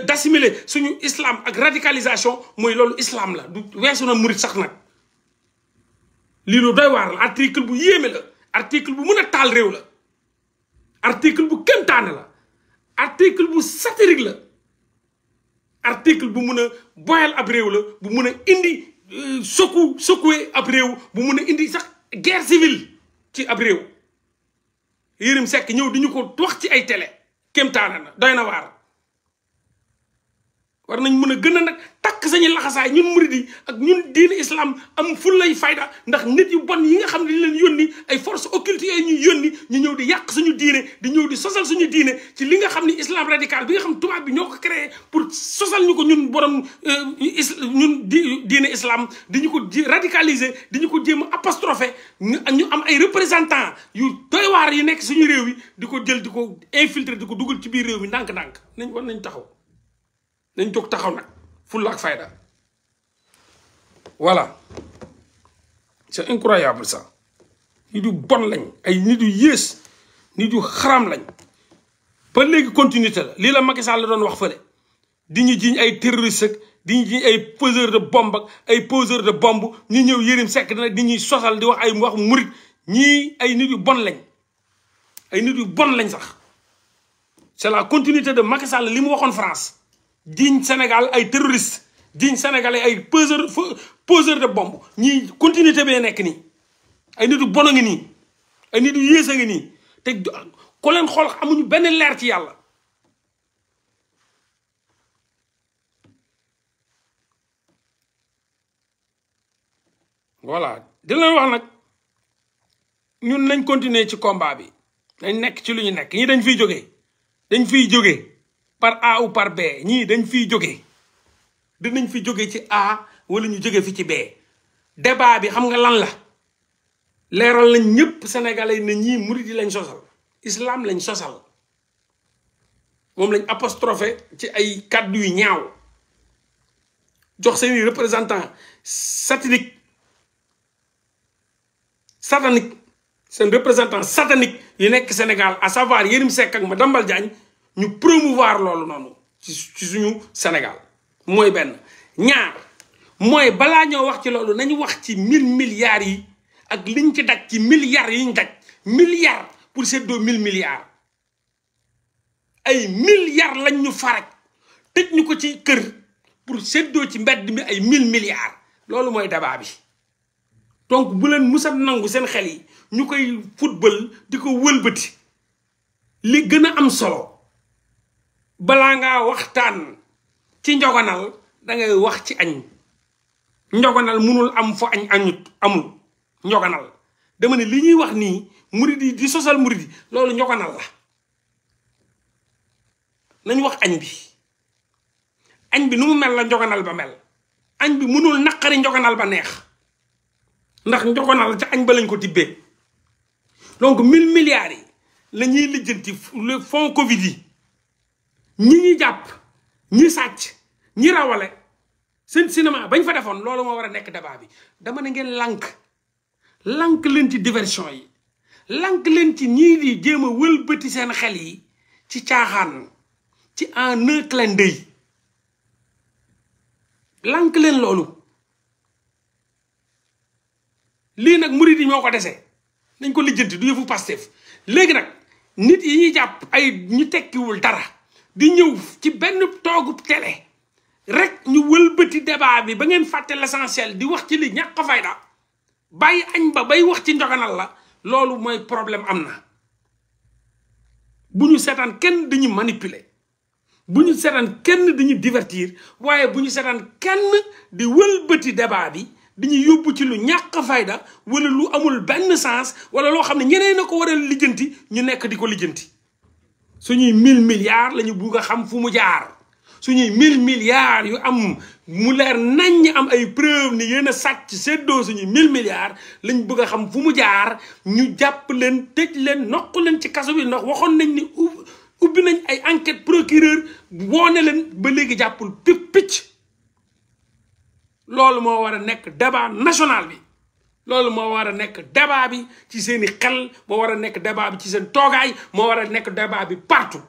d'assimiler suñu islam ak radicalisation moy lolu islam la du wessuna mourid sax nak li lu doy war article bu yéme la article bu l'article tal rew la article bu kentane la article bu satirique la article bu boyal ab rew la bu indi euh, soku sokuwe ab rew bu indi sax guerre civile ci ab Yérim Seck ñëw di ñu ko wax ci ay télé kéemtaane na doy na waar war nañ mën a gën a nag takk sañuy laxasaay ñun murid yi ak ñun diine islam am ful lay fayda ndax nit yu bon yi nga xam ne dañ leen yónni ay force occulte yooyu ñuy yónni ñu ñëw di yàq suñu diine di ñëw di sosal suñu diine ci li nga xam ne islam radical bi nga xam tubaab bi ñoo ko créé pour sosal ñu ko ñun borom euh, is ñun di diine islam di ñu ko radicaliser di ñu ko jéem a apostrophé ñu am ay représentant yu doy waar yu nekk suñu réew yi di ko jël di ko infiltrer di ko dugal ci biir réew mi ndànk-ndànk nañ war nañ taxaw. dañ jóg taxaw nag fulla ak fayda voilà c'est incroyable ça nit yu bon lañ ay nit yu yées nit yu xaram lañ ba léegi continuité la lii la Macky Sall la doon wax fële di ñu jiñ ay terroriste ak di ñu jiñ ay poseur de bombe ak ay poseur de bombe ñu ñëw Yérim sekk dina di ñuy sosal di wax ay wax murit ñii ay nit yu bon lañ ay nit yu bon lañ sax c'est la continuité de Macky Sall li mu waxoon France jiiñ Sénégal ay terroriste jiiñ sénégalais ay poseur poseur de bombe ñi continuité bee nekk ni ay nitu bon a nii ay nitu yées a ngi nii te ku leen xool amuñu benn leer ci yàlla voilà di leen wax nag ñun nañ continuer ci combat bi dañ nekk ci lu ñu nekk ñi dañ fiy jóge dañ fiy jóge par A ou par B ni dañ fi jóge dinañ fi joggé ci A wala ñu joggé fi ci B débat bi xam nga lan la léral lañ ñëpp sénégalais di ñi mouride lañ sosal islam lañ sosal mom lañ apostrophé ci ay kàddu yu ñaaw jox seen représentant satanique satanique seen représentant satanique yu nek sénégal à savoir yérim ak ma dambal ñu promouvoir loolu noonu ci ci suñu Sénégal mooy benn ñaar mooy balaa ñoo wax ci loolu nañu wax ci mill milliards yi ak liñ ci daj ci milliards yi ñu daj milliards pour seddoo mille milliards ay milliards lañ ñu faraj tëj ñu ko ci kër pour seddoo ci mbedd mi ay mille milliards loolu mooy débat bi donc bu leen musa nangu seen xel yi ñu koy football di ko wëlbati li gën a am solo bala waktan, waxtaan ci njogonal da ngay wax ci añ njogonal munul am fo añ añut amul njogonal dama ne li ñuy wax ni murid yi di sosal murid yi loolu njogonal la nañ wax añ bi añ bi nu mu mel la njogonal ba mel añ bi munul naqari njogonal ba neex ndax njogonal ci añ ba lañ ko tibbee donc mille milliards yi la ñuy lijjanti le fond covid ñi ñi jàpp ñi sàcc ñi rawale seen cinéma bañ fa defoon loolu moo war a nekk débat bi dama ne ngeen lànk lànk leen ci diversion yi lànk leen ci ñii di jéem a wëlbati seen xel yi ci caaxaan ci en un clin d'œil lànk leen loolu lii nag murid yi ñoo ko dese nañ ko lijjanti du yëfu Pastef léegi nag nit yi ñuy jàpp ay ñu tekkiwul dara di ñëw ci benn toogub télé rek ñu wëlbati débat bi ba ngeen fàtte l'essentiel di wax ci li ñàkk fayda bàyyi añ ba bay wax ci ndoganal la loolu mooy problème am na bu ñu seetaan kenn dañu manipuler bu ñu seetaan kenn dañu divertir waaye bu ñu seetaan kenn di wëlbati débat bi dañuy yóbbu ci lu ñàkk fayda wala lu amul benn sens wala loo xam ne ñeneen a ko war a lijjanti ñu nekk di ko lijjanti suñuy mille milliards la ñu bugg a xam fu mu jaar suñuy mille milliards yu am mu leer nañ ñi am ay preuve ni yéen a sàcc séddoo suñuy mille milliards lañ bugg a xam fu mu jaar ñu jàpp leen tëj leen noq leen ci kaso bi ndax waxoon nañ ni ubbi nañ ay enquête procureur woone leen ba léegi jàppul picc loolu moo war a nekk débat national bi loolu moo war a nekk débat bi ci seen i xel moo war a nekk dabaa bi ci seen toogaay moo war a nekk dabaa bi partout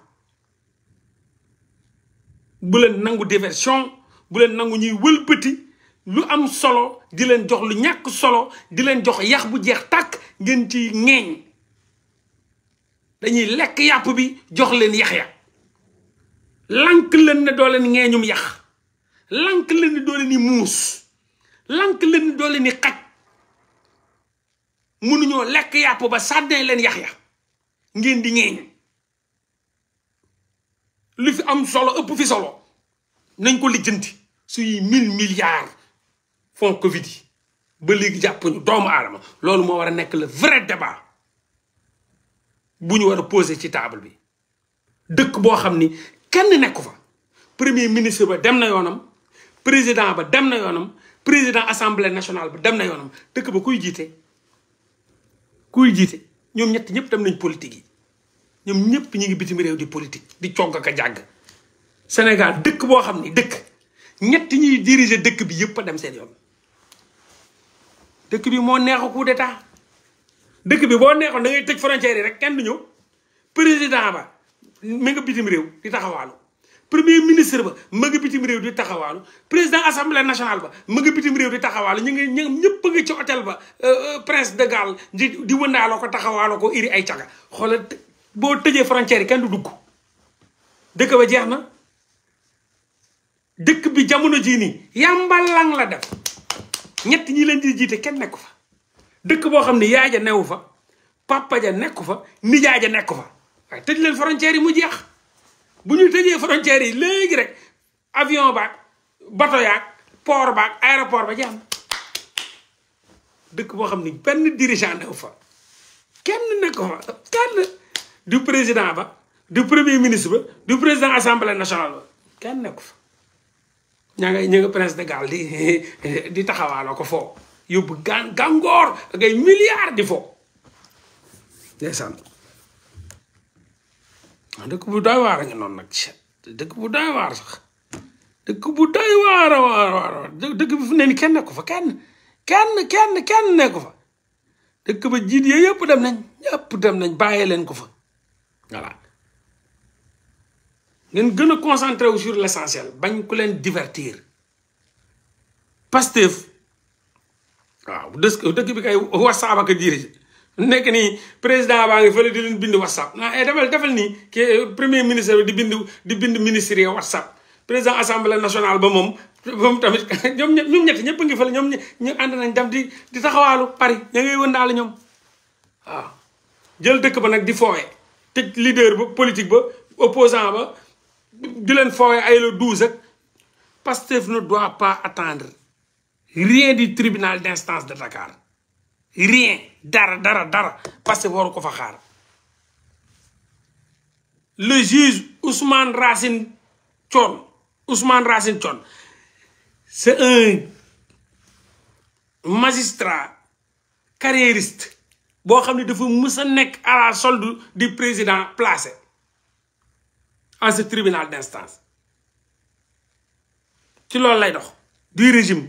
bu leen nangu diversion bu leen nangu ñuy wëlbati lu am solo di leen jox lu ñàkk solo di leen jox yax bu jeex tàkk ngeen ci ŋeeñ dañuy lekk yàpp bi jox leen yax ya lank leen ne doo leen ŋeeñum yax lank leen doo leen muus lank leen doo leen i xaj mënuñoo lekk yàpp ba sàddee leen yax ya ngeen di ñeeñ li fi am solo ëpp fi solo nañ ko lijjanti suñuy mille milliards fonds Covid yi ba léegi jàppuñu doomu aadama loolu moo war a nekk le vrai ba bu ñu war a poser ci table bi dëkk boo xam ni kenn nekku fa premier ministre ba dem na yoonam président ba dem na yoonam président assemblée nationale ba dem na yoonam dëkk ba kuy jiite kuy jiite ñoom ñetti ñëpp dem nañ politique yi ñoom ñëpp ñu ngi bitim réew di politique di cogg ak a jàgg Sénégal dëkk boo xam ni dëkk ñett ñuy dirise dëkk bi yëpp a dem seen yoon dëkk bi moo neexu coup d'état dëkk bi boo neexoon da ngay tëj frontière yi rek kenn du ñëw président ba mi nga bitim réew di taxawaalu premier ministre ba ma nga bitim réew di taxawaalu président assemblée nationale ba ma nga bitim réew di taxawaalu ñi nga ñëpp nga ci hôtel ba euh, euh, prince de gal di di wëndaaloo ko taxawaaloo ko iri ay tiaga xoolal bo tejé frontière yi kenn du dugg dekk ba jeexna dekk bi jamono ni yambal lang la def ñet ñi leen di jité kenn nekk fa dekk bo xamni ne yaay fa papa ja nekk fa nijaaja nekk fa waaye leen frontière mu jeex bu ñu tëjee frontières yi léegi rek avion baag bato yaag port baag aéroport ba jeex na dëkk boo xam ni benn dirigeant new fa kenn nekk fa kenn du président ba du premier ministre ba du président assemblée nationale ba kenn nekk fa ñaa nga ña nga prince de Galles di di taxawaaloo ko foo yóbbu gàn gàngoor ak ay milliards di foo dëkk bu doy waar nga noonu nag dëkk bu doy waar sax dëkk bu doy waar waar waar dëkk bi ne kenn fa kenn kenn kenn kenn fa ba dem nañ dem nañ voilà ngeen gën sur l'essentiel bañ ku divertir bi kay dirige nekk nii président baa ngi fële di leen bind whatsapp naa ah, eh, defal defal nii kii eh, premier ministre bi di bind di bind ministre yi whatsapp président assemblée nationale ba moom moom tamit ñoom ñett ñoom ñett ñëpp ngi fële ñoom ñu ànd nañ dem di di taxawaalu Paris ña ngay wëndaale ñoom waaw ah, jël dëkk ba nag di foowe te leader ba politique ba opposant ba di leen foowe ay la douze ak Pastef ne doit pas attendre rien du tribunal d'instance de Dakar rien dara dara dara parce que waru ko le juge Ousmane Racine Thion Ousmane Racine c'est un magistrat carriériste qui a dafa à la solde du président placé à ce tribunal d'instance ci loolu lay dox du régime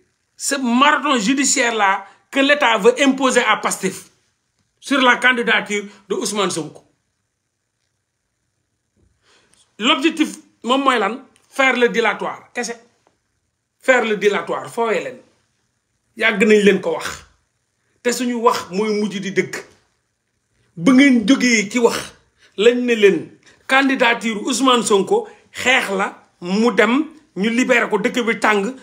ce marathon judiciaire-là que l'État veut imposer à Pastef sur la candidature de Ousmane Sonko. L'objectif, mon faire le dilatoire. Qu'est-ce que Faire le dilatoire, faut Hélène. yàgg nañ que ko wax te suñu wax mooy mujj di dëgg ba ngeen jógee ci wax lañ ne leen candidature Ousmane Sonko xeex la mu dem ñu De ko dëkk bi tàng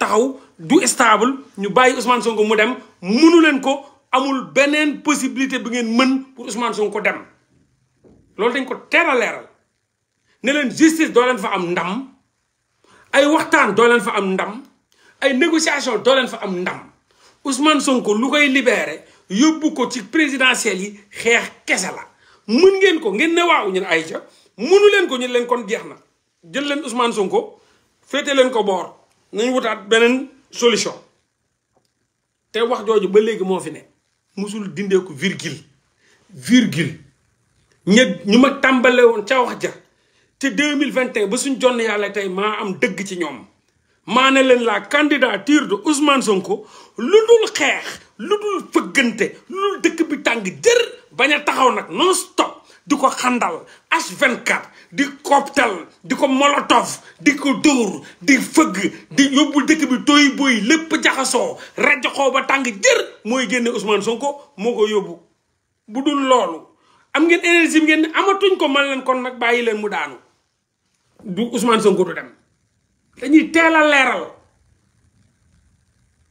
a du stable ñu bàyyi Ousmane Sonko mu dem munu leen ko amul beneen possibilité bi ngeen mën pour Ousmane Sonko dem loolu dañ ko teel a leeral ne leen justice doo leen fa am ndam ay waxtaan doo leen fa am ndam ay négociation doo leen fa am ndam Ousmane Sonko lu koy libeere yóbbu ko ci présidentielles yi xeex kese la mën ngeen ko ngeen ne waaw ne ay ja mënu leen ko ñu leen kon jeex na jël leen Ousmane Sonko féete leen ko boor nañ wutaat beneen solution te wax jooju ba léegi moo fi ne musul dindeeku virgule virgil ña ñu ma tàmbale woon ca wax ja te deux mille vingt et ba suñ jonn yàlla tey maa am dëgg ci ñoom maa ne leen la candidature de Ousmane Sonko lu dul xeex lu dul fëggante lu dul dëkk bi tàng jër bañ a taxaw nag non stop du ko xandal H24 di cocktail di ko molotov di ko dóor di fëgg di yóbbul dëkk bi tooy booy lépp jaxasoo rajo xoo ba tàng jër mooy génne Ousmane Sonko moo ko yóbbu. bu dul loolu am ngeen énergie ngeen ne amatuñ ko man leen kon nag bàyyi leen mu daanu du Ousmane Sonko du dem dañuy teel a leeral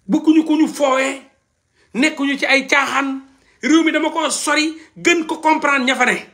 bëgguñu ku ñu foowee nekkuñu ci ay caaxaan réew mi dama ko sori gën ko comprend ña fa ne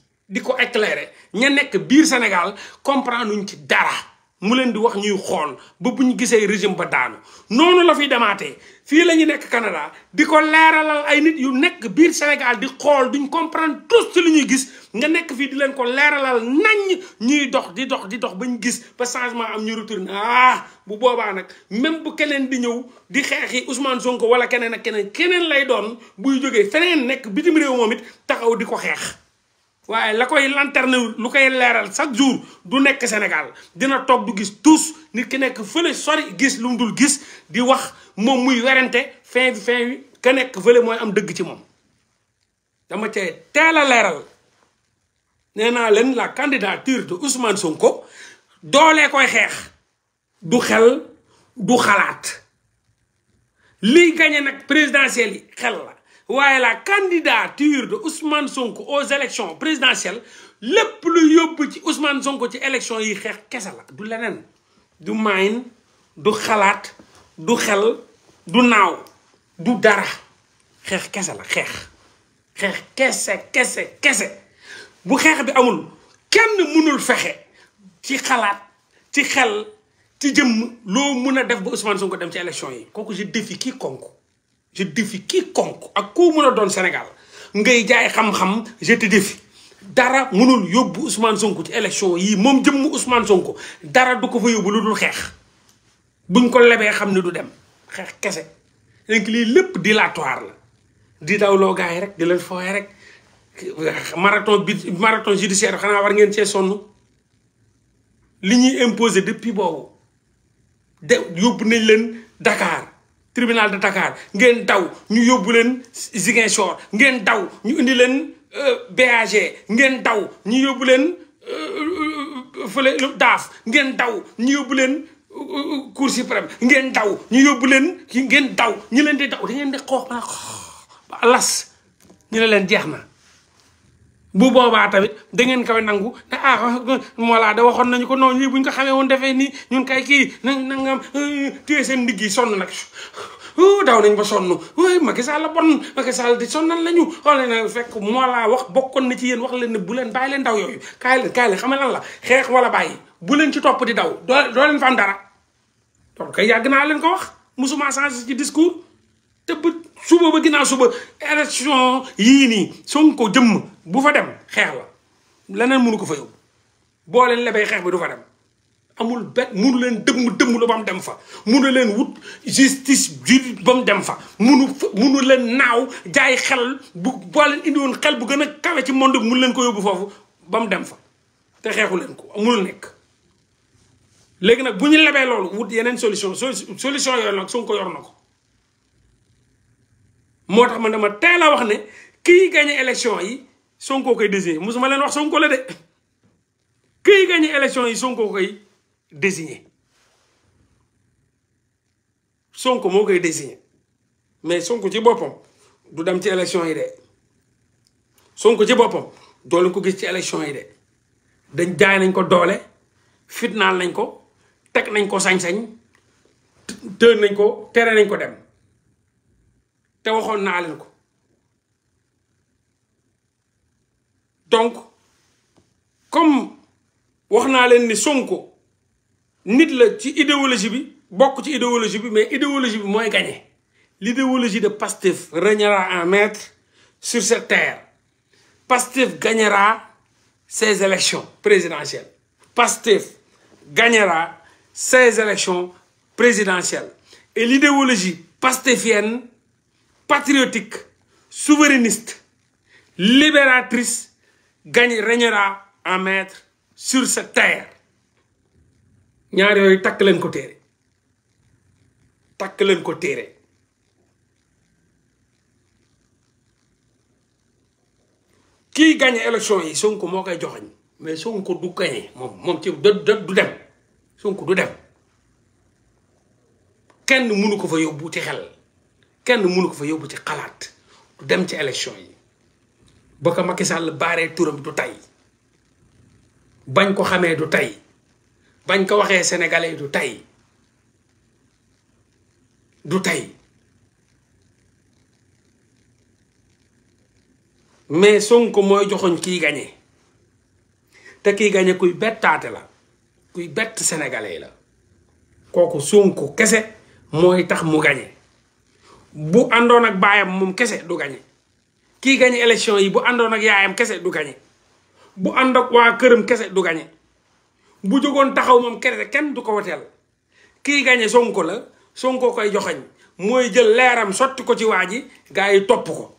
di ko éclairer ña nekk biir Sénégal comprendre nuñ ci dara mu leen di wax ñuy xool ba bu ñu gisee régime ba daanu noonu la fi demaatee fii la ñu nekk Canada di ko leeralal ay nit yu nekk biir Sénégal di xool duñ comprendre tous ci lu ñuy gis nga nekk fii di leen ko leeralal nañ ñuy dox di dox di dox bañ gis ba changement am ñu retourné ah bu boobaa nag même bu keneen di ñëw di xeexi Ousmane Sonko wala keneen ak keneen keneen lay doon buy jógee feneen nekk bitim réew moom taxaw di ko xeex. waaye la koy lanterne lu koy leeral chaque jour du nekk Sénégal dina toog du gis tous nit ki nekk fële sori gis lu mu dul gis di wax moom muy werante fin fin wi ka nekk fële mooy am dëgg ci moom dama cee teel a leeral nee naa leen la candidature de Ousmane ko doolee koy xeex du xel du xalaat liy gañe nag présidentielle yi xel la Ouais la candidature de Ousmane Sonko aux élections présidentielles le lu yóbbu ci Ousmane Sonko ci élections yi qu'est-ce la du leneen du mayin du khalat, du khel, du naaw du dara xeex kese la xeex xeex kese kese kese bu xeex bi amul kenn mënul fexe ci khalat, ci khel, ci jëmm lo mun def ba Ousmane Sonko dem ci élection yi kooku je défie quiconque je défie konk ak koo mën a doon Sénégal ngay jaay xam-xam je dara mënul yóbbu Ousmane Sonko ci élection yii moom jëmm Ousmane Sonko dara du ko fa yóbbu lu dul xeex buñ ko lebee xam ne du dem xeex kese léegi lii lépp dilatoire la di dawloo gars yi rek di leen fooye rek marathon bi marathon xanaa war ngeen see sonn li ñuy imposer depuis boobu de yóbbu nañ leen dakaar tribunal de Dakar ngeen daw ñu yóbbu leen Ziguinchor ngeen daw ñu indi leen euh, BAG ngeen daw ñu yóbbu leen euh, fële daaf ngeen daw ñu yóbbu leen euh, Cour suprême ngeen daw ñu yóbbu leen ngeen daw ñu leen di daw da ngeen di xoox ba las ñu ne leen jeex na bu boobaa tamit da ngeen koy nangu ne ah laa da waxoon nañu ko noonu lii bu ñu ko xamee woon defee nii ñun kay kii nañ nangam eh, téye seen ndigg yi sonn nag. daw nañ ba sonn oui Macky la bon Macky Sall di sonnal lañu xool na fekk moo laa wax bokkoon na ci yéen wax leen ne bu leen bàyyi leen daw yooyu kaay leen kaay leen xam lan la xeex wala bàyyi bu leen ci topp di daw doo doo leen fa dara donc kay yàgg naa leen ko wax musuma changé ci discours. te ba suba ba ginaa suba élection yii nii Sonko jëmm bu fa dem xeex la leneen mënu ko fa yóbbu boo leen lebee xeex bi du fa dem amul benn mënu leen dëmm dëmm la ba mu dem fa mënu leen wut justice ba mu dem fa mënu mënu leen naaw jaay xel bu boo leen indi woon xel bu gën a kawe ci monde bi mënu leen ko yóbbu foofu ba mu dem fa te xeexu leen ko amul nekk léegi nag bu ñu lebee loolu wut yeneen solution solution yooyu nag Sonko yor na ko moo tax man dama teel a wax ne kii gagné élection yi Sonko koy désigné musuma leen wax Sonko la de kii gagné élection yi Sonko koy désigné Sonko moo koy désigné mais Sonko ci boppam du dem ci élection yi de Sonko ci boppam doole ko gis ci élection yi de dañ jaay nañ ko doole fitnaal nañ ko teg nañ ko sañ-sañ tër nañ ko tere nañ ko dem donc comme wax a leen ni Sonko nit la ci idéologie bi mais idéologie est moy l'idéologie de Pastef régnera un maître sur cette terre Pastef gagnera ses élections présidentielles Pastef gagnera ses élections présidentielles et l'idéologie pastefienne patriotique, souverainiste, libératrice gagne régnera en maître sur cette terre ñaar yooyu takk leen ko téere takk leen ko téere kii gagne élection yi Sonko comme koy joxañ mais Sonko du gagne moom moom ci du du dem Sonko du dem kenn mënu ko fa yóbbu ci xel kenn mënu ko fa yóbbu ci xalaat du dem ci élection yi ba ko Macky sàll baaree turam du tey bañ ko xamee du tey bañ ko waxee sénégalais du tey du tey mais Sonko mooy joxoñ kiy gañe te kiy gañe kuy bettaate la kuy bett sénégalais la kooku sunk kese mooy tax mu gañe bu àndoon ak baayam moom kese du gañe kii gañe élection yi bu àndoon ak yaayam kese du gañe bu ànd ak waa këram kese du gañe bu jógoon taxaw moom kese kenn du ko woteel kii gañe sonko la sonko koy joxañ mooy jël leeram sotti ko ci waa ji gaa yi topp ko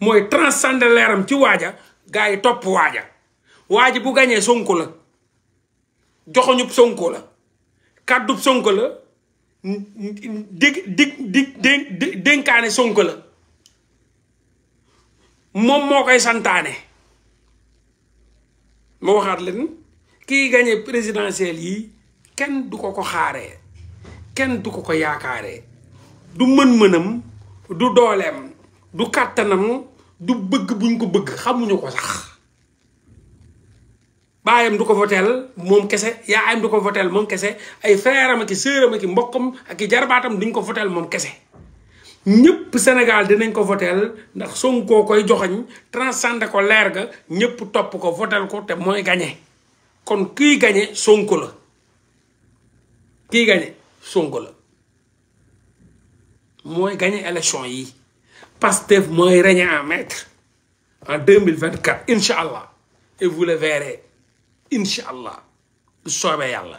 mooy transcender leeram ci waaja gaa yi topp waaja waa ji bu gañee sonko la joxoñub sonko la kàddub sonko la dig dig la moom moo koy santaane ma waxaat leen kii gagné présidentiel yi kenn du ko ko xaare kenn du ko ko yaakaare du mën-mënam du dooleem du kàttanam du bëgg buñ ko bëgg xamuñu ko sax baayam du ko votel moom kese yaayam du ko voteel moom kese ay frère am ak i sœur ak i ak jarbaatam duñ ko voteel moom kese ñëpp Sénégal dinañ ko votel ndax Sonko koy joxoñ transcendé ko leer ga ñëpp topp ko voteel ko te mooy gañe kon kii gañe Sonko la kii gañe Sonko la mooy gañe élection yi Pastef mooy régner en mille vingt 2024 incha allah et vous le Inch'Allah, sobe yalla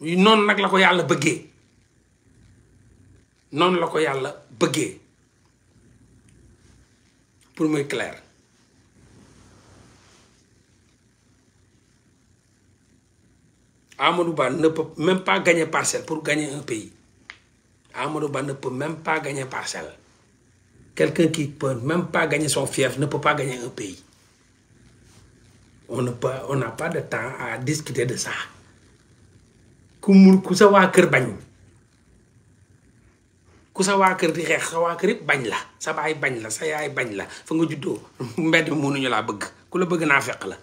Non, Non, la ko yalla beugé non la ko yalla beugé pour moi clair Amadou ne peut même pas gagner parcelle pour gagner un pays Amadou ne peut même pas gagner parcelle quelqu'un qui ne peut même pas gagner son fief ne peut pas gagner un pays on n'a pas, on n'a pas de temps à discuter de ça. ku mu ku sa wa keur bagn ku sa wa keur di xex sa wa keur bagn la sa bay bagn la sa yaay bagn la fa nga juddo mbedd nuñu la bëgg ku la bëgg na fekk la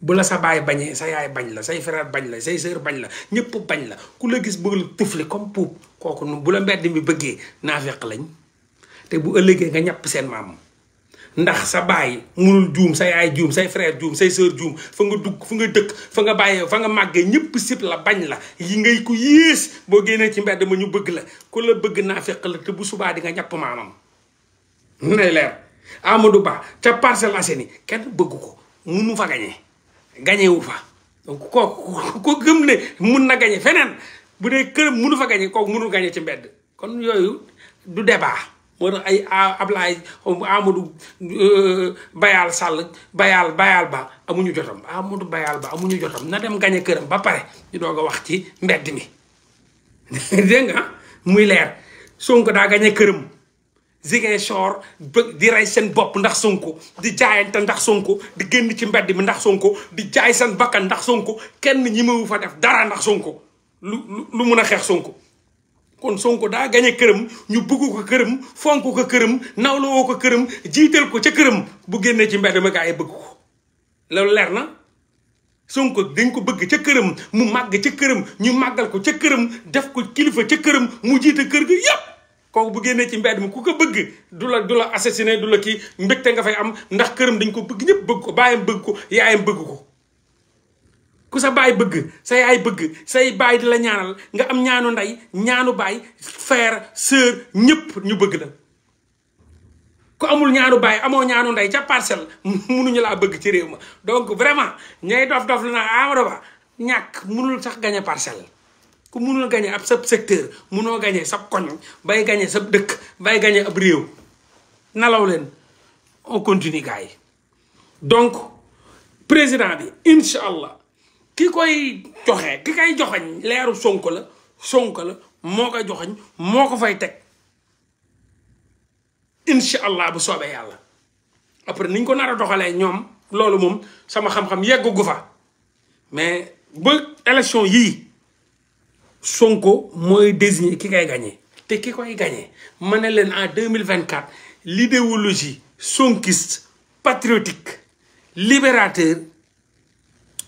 bu la sa bay bagné sa yaay bagn la say frère bagn la say sœur bagn la ñepp bagn la ku la gis bëgg tufli comme koku nu bu la mbedd mi bëggé na fekk lañ té bu ëllëgee nga ñap sen mam ndax sa muljum saya joom sa yaay saya say frère joom say sœur joom fa nga dug fa nga dekk fa nga baye fa nga magge ñepp sip la bañ la yi ngay ko yees bo génnee ci mbedd ma ñu bëgg la ku la bëgg naa la te bu suba di nga ñap mamam leer amadou ba ca parcel aseni kenn bëgg ko munu fa gañee gañee wu fa donc ko ko gëm ne mën na fenen bu dé kër munu fa gañe ko mënu gañe ci mbedd kon yoyu du débat moo tax ay Ablaye Amadou euh, Bayal sàll Bayal Bayal Ba amuñu jotam Amadou Bayal Ba amuñu jotam na dem gañe këram ba pare di doog a wax ci mbedd mi dégg nga muy leer Sonko daa gañe këram Ziguinchor di rey seen bopp ndax sunk di jaayante ndax Sonko di génn ci mbedd mi ndax Sonko di jaay seen bakkan ndax Sonko kenn ñi mëwu fa def dara ndax Sonko lu lu mun a xeex Sonko kon Sonko daa gañe këram ñu bugg ko këram fonk ko këram nawloo ko këram jiital ko ca këram bu génnee ci mbedd mi gaa yi bëgg ko loolu leer na Sonko dañ ko bëgg ca këram mu màgg ca këram ñu màggal ko ca këram def ko kilifa ca këram mu jiite kër gi yépp kooku bu génnee ci mbedd mi ku ko bëgg du la du la assassiné du la kii mbégte nga fay am ndax këram dañ ko bëgg ñëpp bëgg ko baayam bëgg ko yaayam bëgg ko ku sa baay bëgg sa yaay bëgg say baay di la ñaanal nga am ñaanu ndey ñaanu baay frère sœur ñëpp ñu bëgg la ku amul ñaanu baay amoo ñaanu ndey ca parcelle munuñu laa bëgg ci réew ma donc vraiment ñay dof dof lu naa Amadou ñàkk munul sax gañe parcelle ku munul gañe ab sa secteur munoo gañe sa koñ bay gañe sa dëkk bay gañe ab réew nalaw leen on continue gars yi donc président bi incha allah ki koy joxe ki koy joxañ leeru Sonko la Sonko la moo koy joxañ moo ko fay teg incha allah bu soobee yàlla après niñ ko nar a doxalee ñoom loolu moom sama xam-xam yeggu fa mais ba élection yii Sonko mooy désigné ki koy gagné te ki koy gagné ma ne leen en deux mille vingt quatre l'idéologie sonkiste patriotique libérateur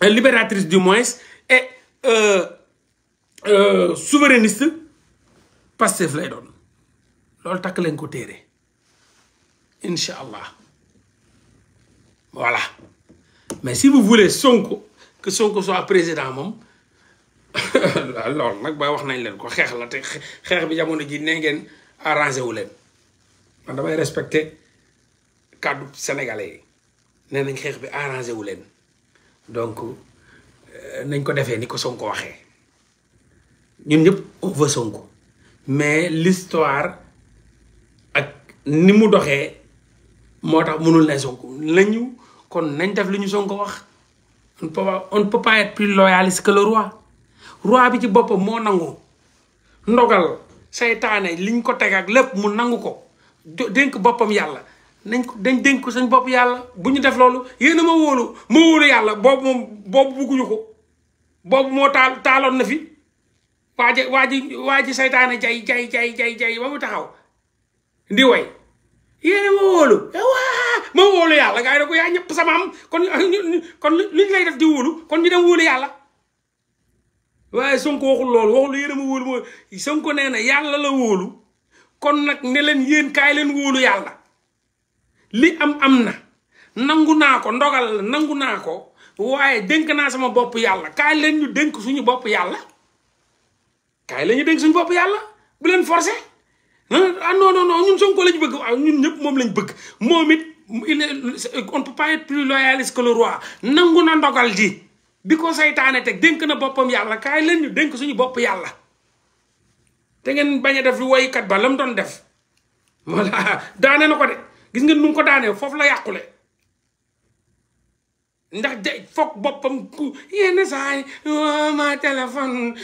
Euh, libératrice du moins, et euh, euh, souverainiste, pas lay don C'est ce Inch'Allah. voilà mais si vous voulez que Sonko soit président alors, je la ne sénégalais Vous nañ donc euh, nañ ko défé ni ko sonko waxé ñun ñëpp on veut sonko mais l'histoire ak ni mu doxé motax mënul né sonko lañu kon nañ def luñu sonko wax on peut pas on peut pas être plus loyaliste que le roi roi bi ci boppam mo nangu ndogal saytane liñ ko tégg ak lepp mu nangu ko denk bopam yalla nañ ko dañ dénk ko sañ bopp yàlla bu ñu def loolu yéen ma wóolu ma wóolu yàlla boobu moom boobu bugguñu ko boobu moo taal taaloon na fi waaj ji waa ji waa ji saytaane jay jay jay jay ba mu taxaw di way yéen ma wóolu waa ma wóolu yàlla gars yi ko yaa ñëpp sama am kon kon luñ lay def di kon ñu dem wóolu yàlla waaye Sonko waxul loolu waxul Sonko nee na yàlla la wóolu kon nag ne leen yéen kaay leen wóolu yàlla li am am na nangu naa ko ndogal la nangu naa ko waaye dénk naa sama bopp yàlla kaay leen ñu dénk suñu bopp yàlla kaay leen ñu dénk suñu bopp yàlla bu leen forcé ah non non non ñun Sonko lañ bëgg waaw ah, ñun ñëpp moom lañ bëgg moom it on ne peut pas être plus loyaliste que le roi nangu na ndogal ji bi ko saytaane teg dénk na boppam yàlla kaay leen ñu dénk suñu bopp yàlla te ngeen bañ a def lu woykat ba la mu doon def voilà daane na ko de gis ngeen nu ko daanee foofu la yàqule ndax de foog boppam ku yenn saay ma téléphone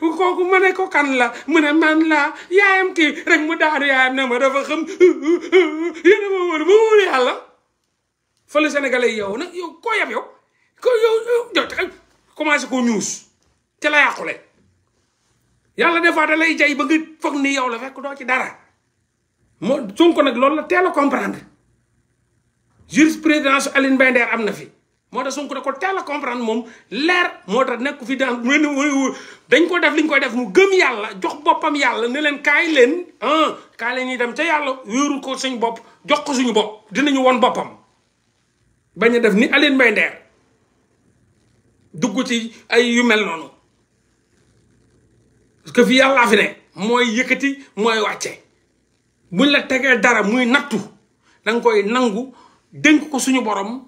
kooku ma ne ko kan la mu man la yaayam kii rek mu daanu yaayam ne ma dafa xam yéen a ma wóor ma wóor yàlla fële sénégalais yow nag yow koo yow ko yow commencé ko ñuus te la yàqule yàlla des fois da jay ba nga ni yow la fekk doo ci dara moo Sonko nag loolu la teel a comprendre jurisprudence Aline Mbaye Nder am na fi moo tax Sonko da ko teel a comprendre moom leer moo tax nekk fi dans mu dañ ko def li ñu def mu gëm yàlla jox boppam yàlla ne leen kaay leen ah ñuy dem ca yàlla wéeru ko suñu bopp jox ko suñu bopp dinañu woon boppam bañ def ni Aline Mbaye dugg ci ay yu que fi yàllaa fi ne mooy yëkkati mooy wàcce buñ la tegee dara muy nattu dang koy nangu denk ko suñu borom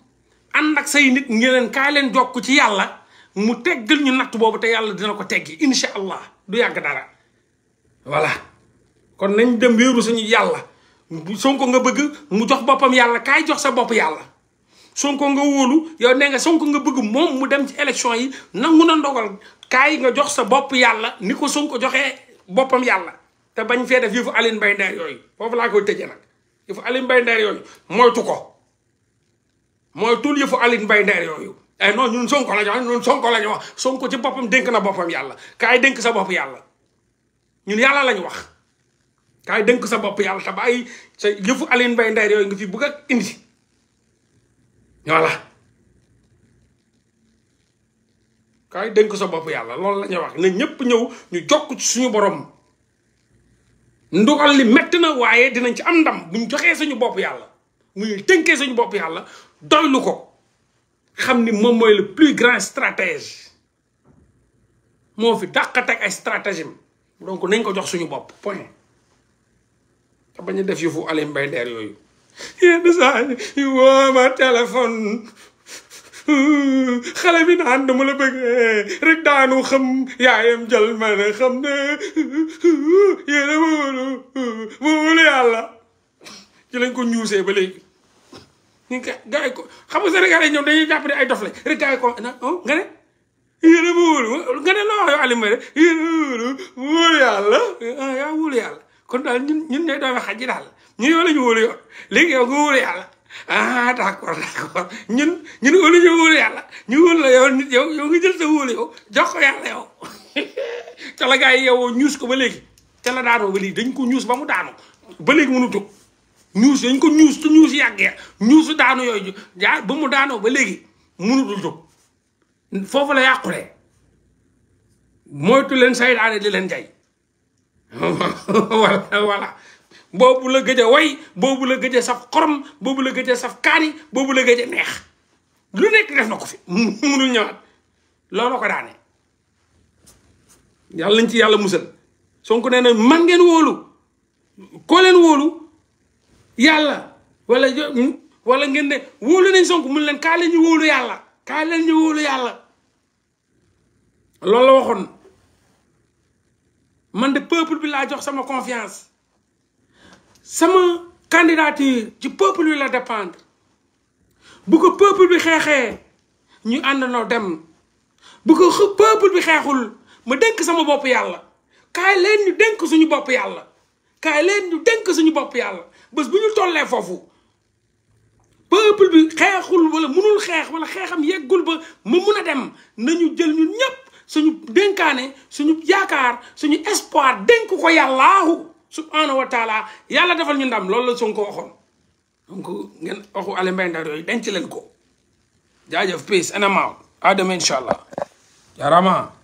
ànd ak say nit ngeen leen kaay leen jokk ci yalla mu teggal ñu nattu bobu te yalla dina ko teggi inshallah allah du yag dara voilà kon nañ dem wëru suñu yalla sonko nga bëgg mu jox bopam yalla kay jox sa bop yalla sonko nga wolu yow ne nga sonko nga bëgg mom mu dem ci élection yi nangu na ndogal kay nga jox sa bop yalla ni sonko joxee bopam yalla te bañ fee def yëfu Aline bay Nder yooyu foofu laa koy tëjee nag yëfu Aline Mbaye Nder yooyu moytu ko mooy yëfu Aline Mbaye Nder yooyu. ay eh non ñun Sonko la ñu wax ñun Sonko ci boppam dénk na boppam yàlla kaay dénk sa bopp yàlla ñun yàlla lañu wax kaay dénk sa bopp yàlla te bàyyi sa yëfu Aline Mbaye Nder yooyu nga fi bëgg a indi voilà. kaay dénk sa bopp yàlla loolu la ñuy wax ne ñëpp ñëw ñu jokk ci suñu borom. ndugal li metti na waaye dinañ ci am ndam buñ joxee suñu bopp yàlla muy tënkee suñu bopp yàlla doylu ko xam ni moom mooy le plus grand stratège moo fi dàq teg ay stratagème donc nañ ko jox suñu bopp point te bañ def yu fu Aly Der yooyu yenn saa yi woo ma téléphone xale bi naan dama la bëgg rek daanu xam yaayam jël ma ne xam ne yéen a wóolu wóolu yàlla ci ko ñuusee ba léegi ñu ngi gars yi ko xam nga Sénégal ñoom dañuy jàpp ne ay dof lañ rek gars ko na ah, oh, nga ne yéen a wóolu yàlla ah, yaa wóolu yàlla kon daal ñun ñun ñooy xaj ji daal ñu yow la wóolu yàlla ah d' accord d' accord ñun ñun wóolu ñu wóolu yàlla ñu wóolu la yow nit yow yow nga jël sa wóolu yow jox ko yàlla yow ca la gars yi yow ñuus ko ba léegi ca la daanoo ba léegi dañ ko ñuus ba mu daanu ba léegi mënu jóg ñuus dañ ko ñuus te ñuus yàggee ñuusu daanu yooyu jaa ba mu daanoo ba léegi mënutul jóg foofu la yàqulee moytu leen saytaane di leen jay voilà voilà boobu la gëj a way boobu la gëj a saf xorom boobu la gëj a saf kaani boobu la gëj a neex lu nekk def na ko fi munul ñëwaat looloo ko daane yàlla nañ ci yàlla musal Sonko nee na man ngeen wóolu koo leen wóolu yàlla wala hmm? wala ngeen ne wóolu nañ Sonko mun leen kaa leen ñu woolu yàlla kaa leen ñu wóolu yàlla loolu la waxoon man de peuple bi laa jox sama confiance sama candidature ci peuple bi la dépendre bu ko peuple bi xeexee ñu àndandoo dem bu ko peuple bi xeexul ma dënk sama bopp yàlla kaay leen ñu dénk suñu bopp yàlla kaay leen ñu dënk suñu bopp yàlla bés bu ñu tollee foofu peuple bi xeexul wala mënul xeex wala xeexam yeggul ba ma mun a dem nañu jël ñun ñépp suñu dénkaane suñu yaakaar suñu espoir dénk ko yàllaahu subhanahu wa taala yàlla defal ñu ndam loolu la Sonko waxoon donc ngeen waxu Aly Mbaye Nder yooyu denc leen ko jaajëf peace and I'm out à allah jaarama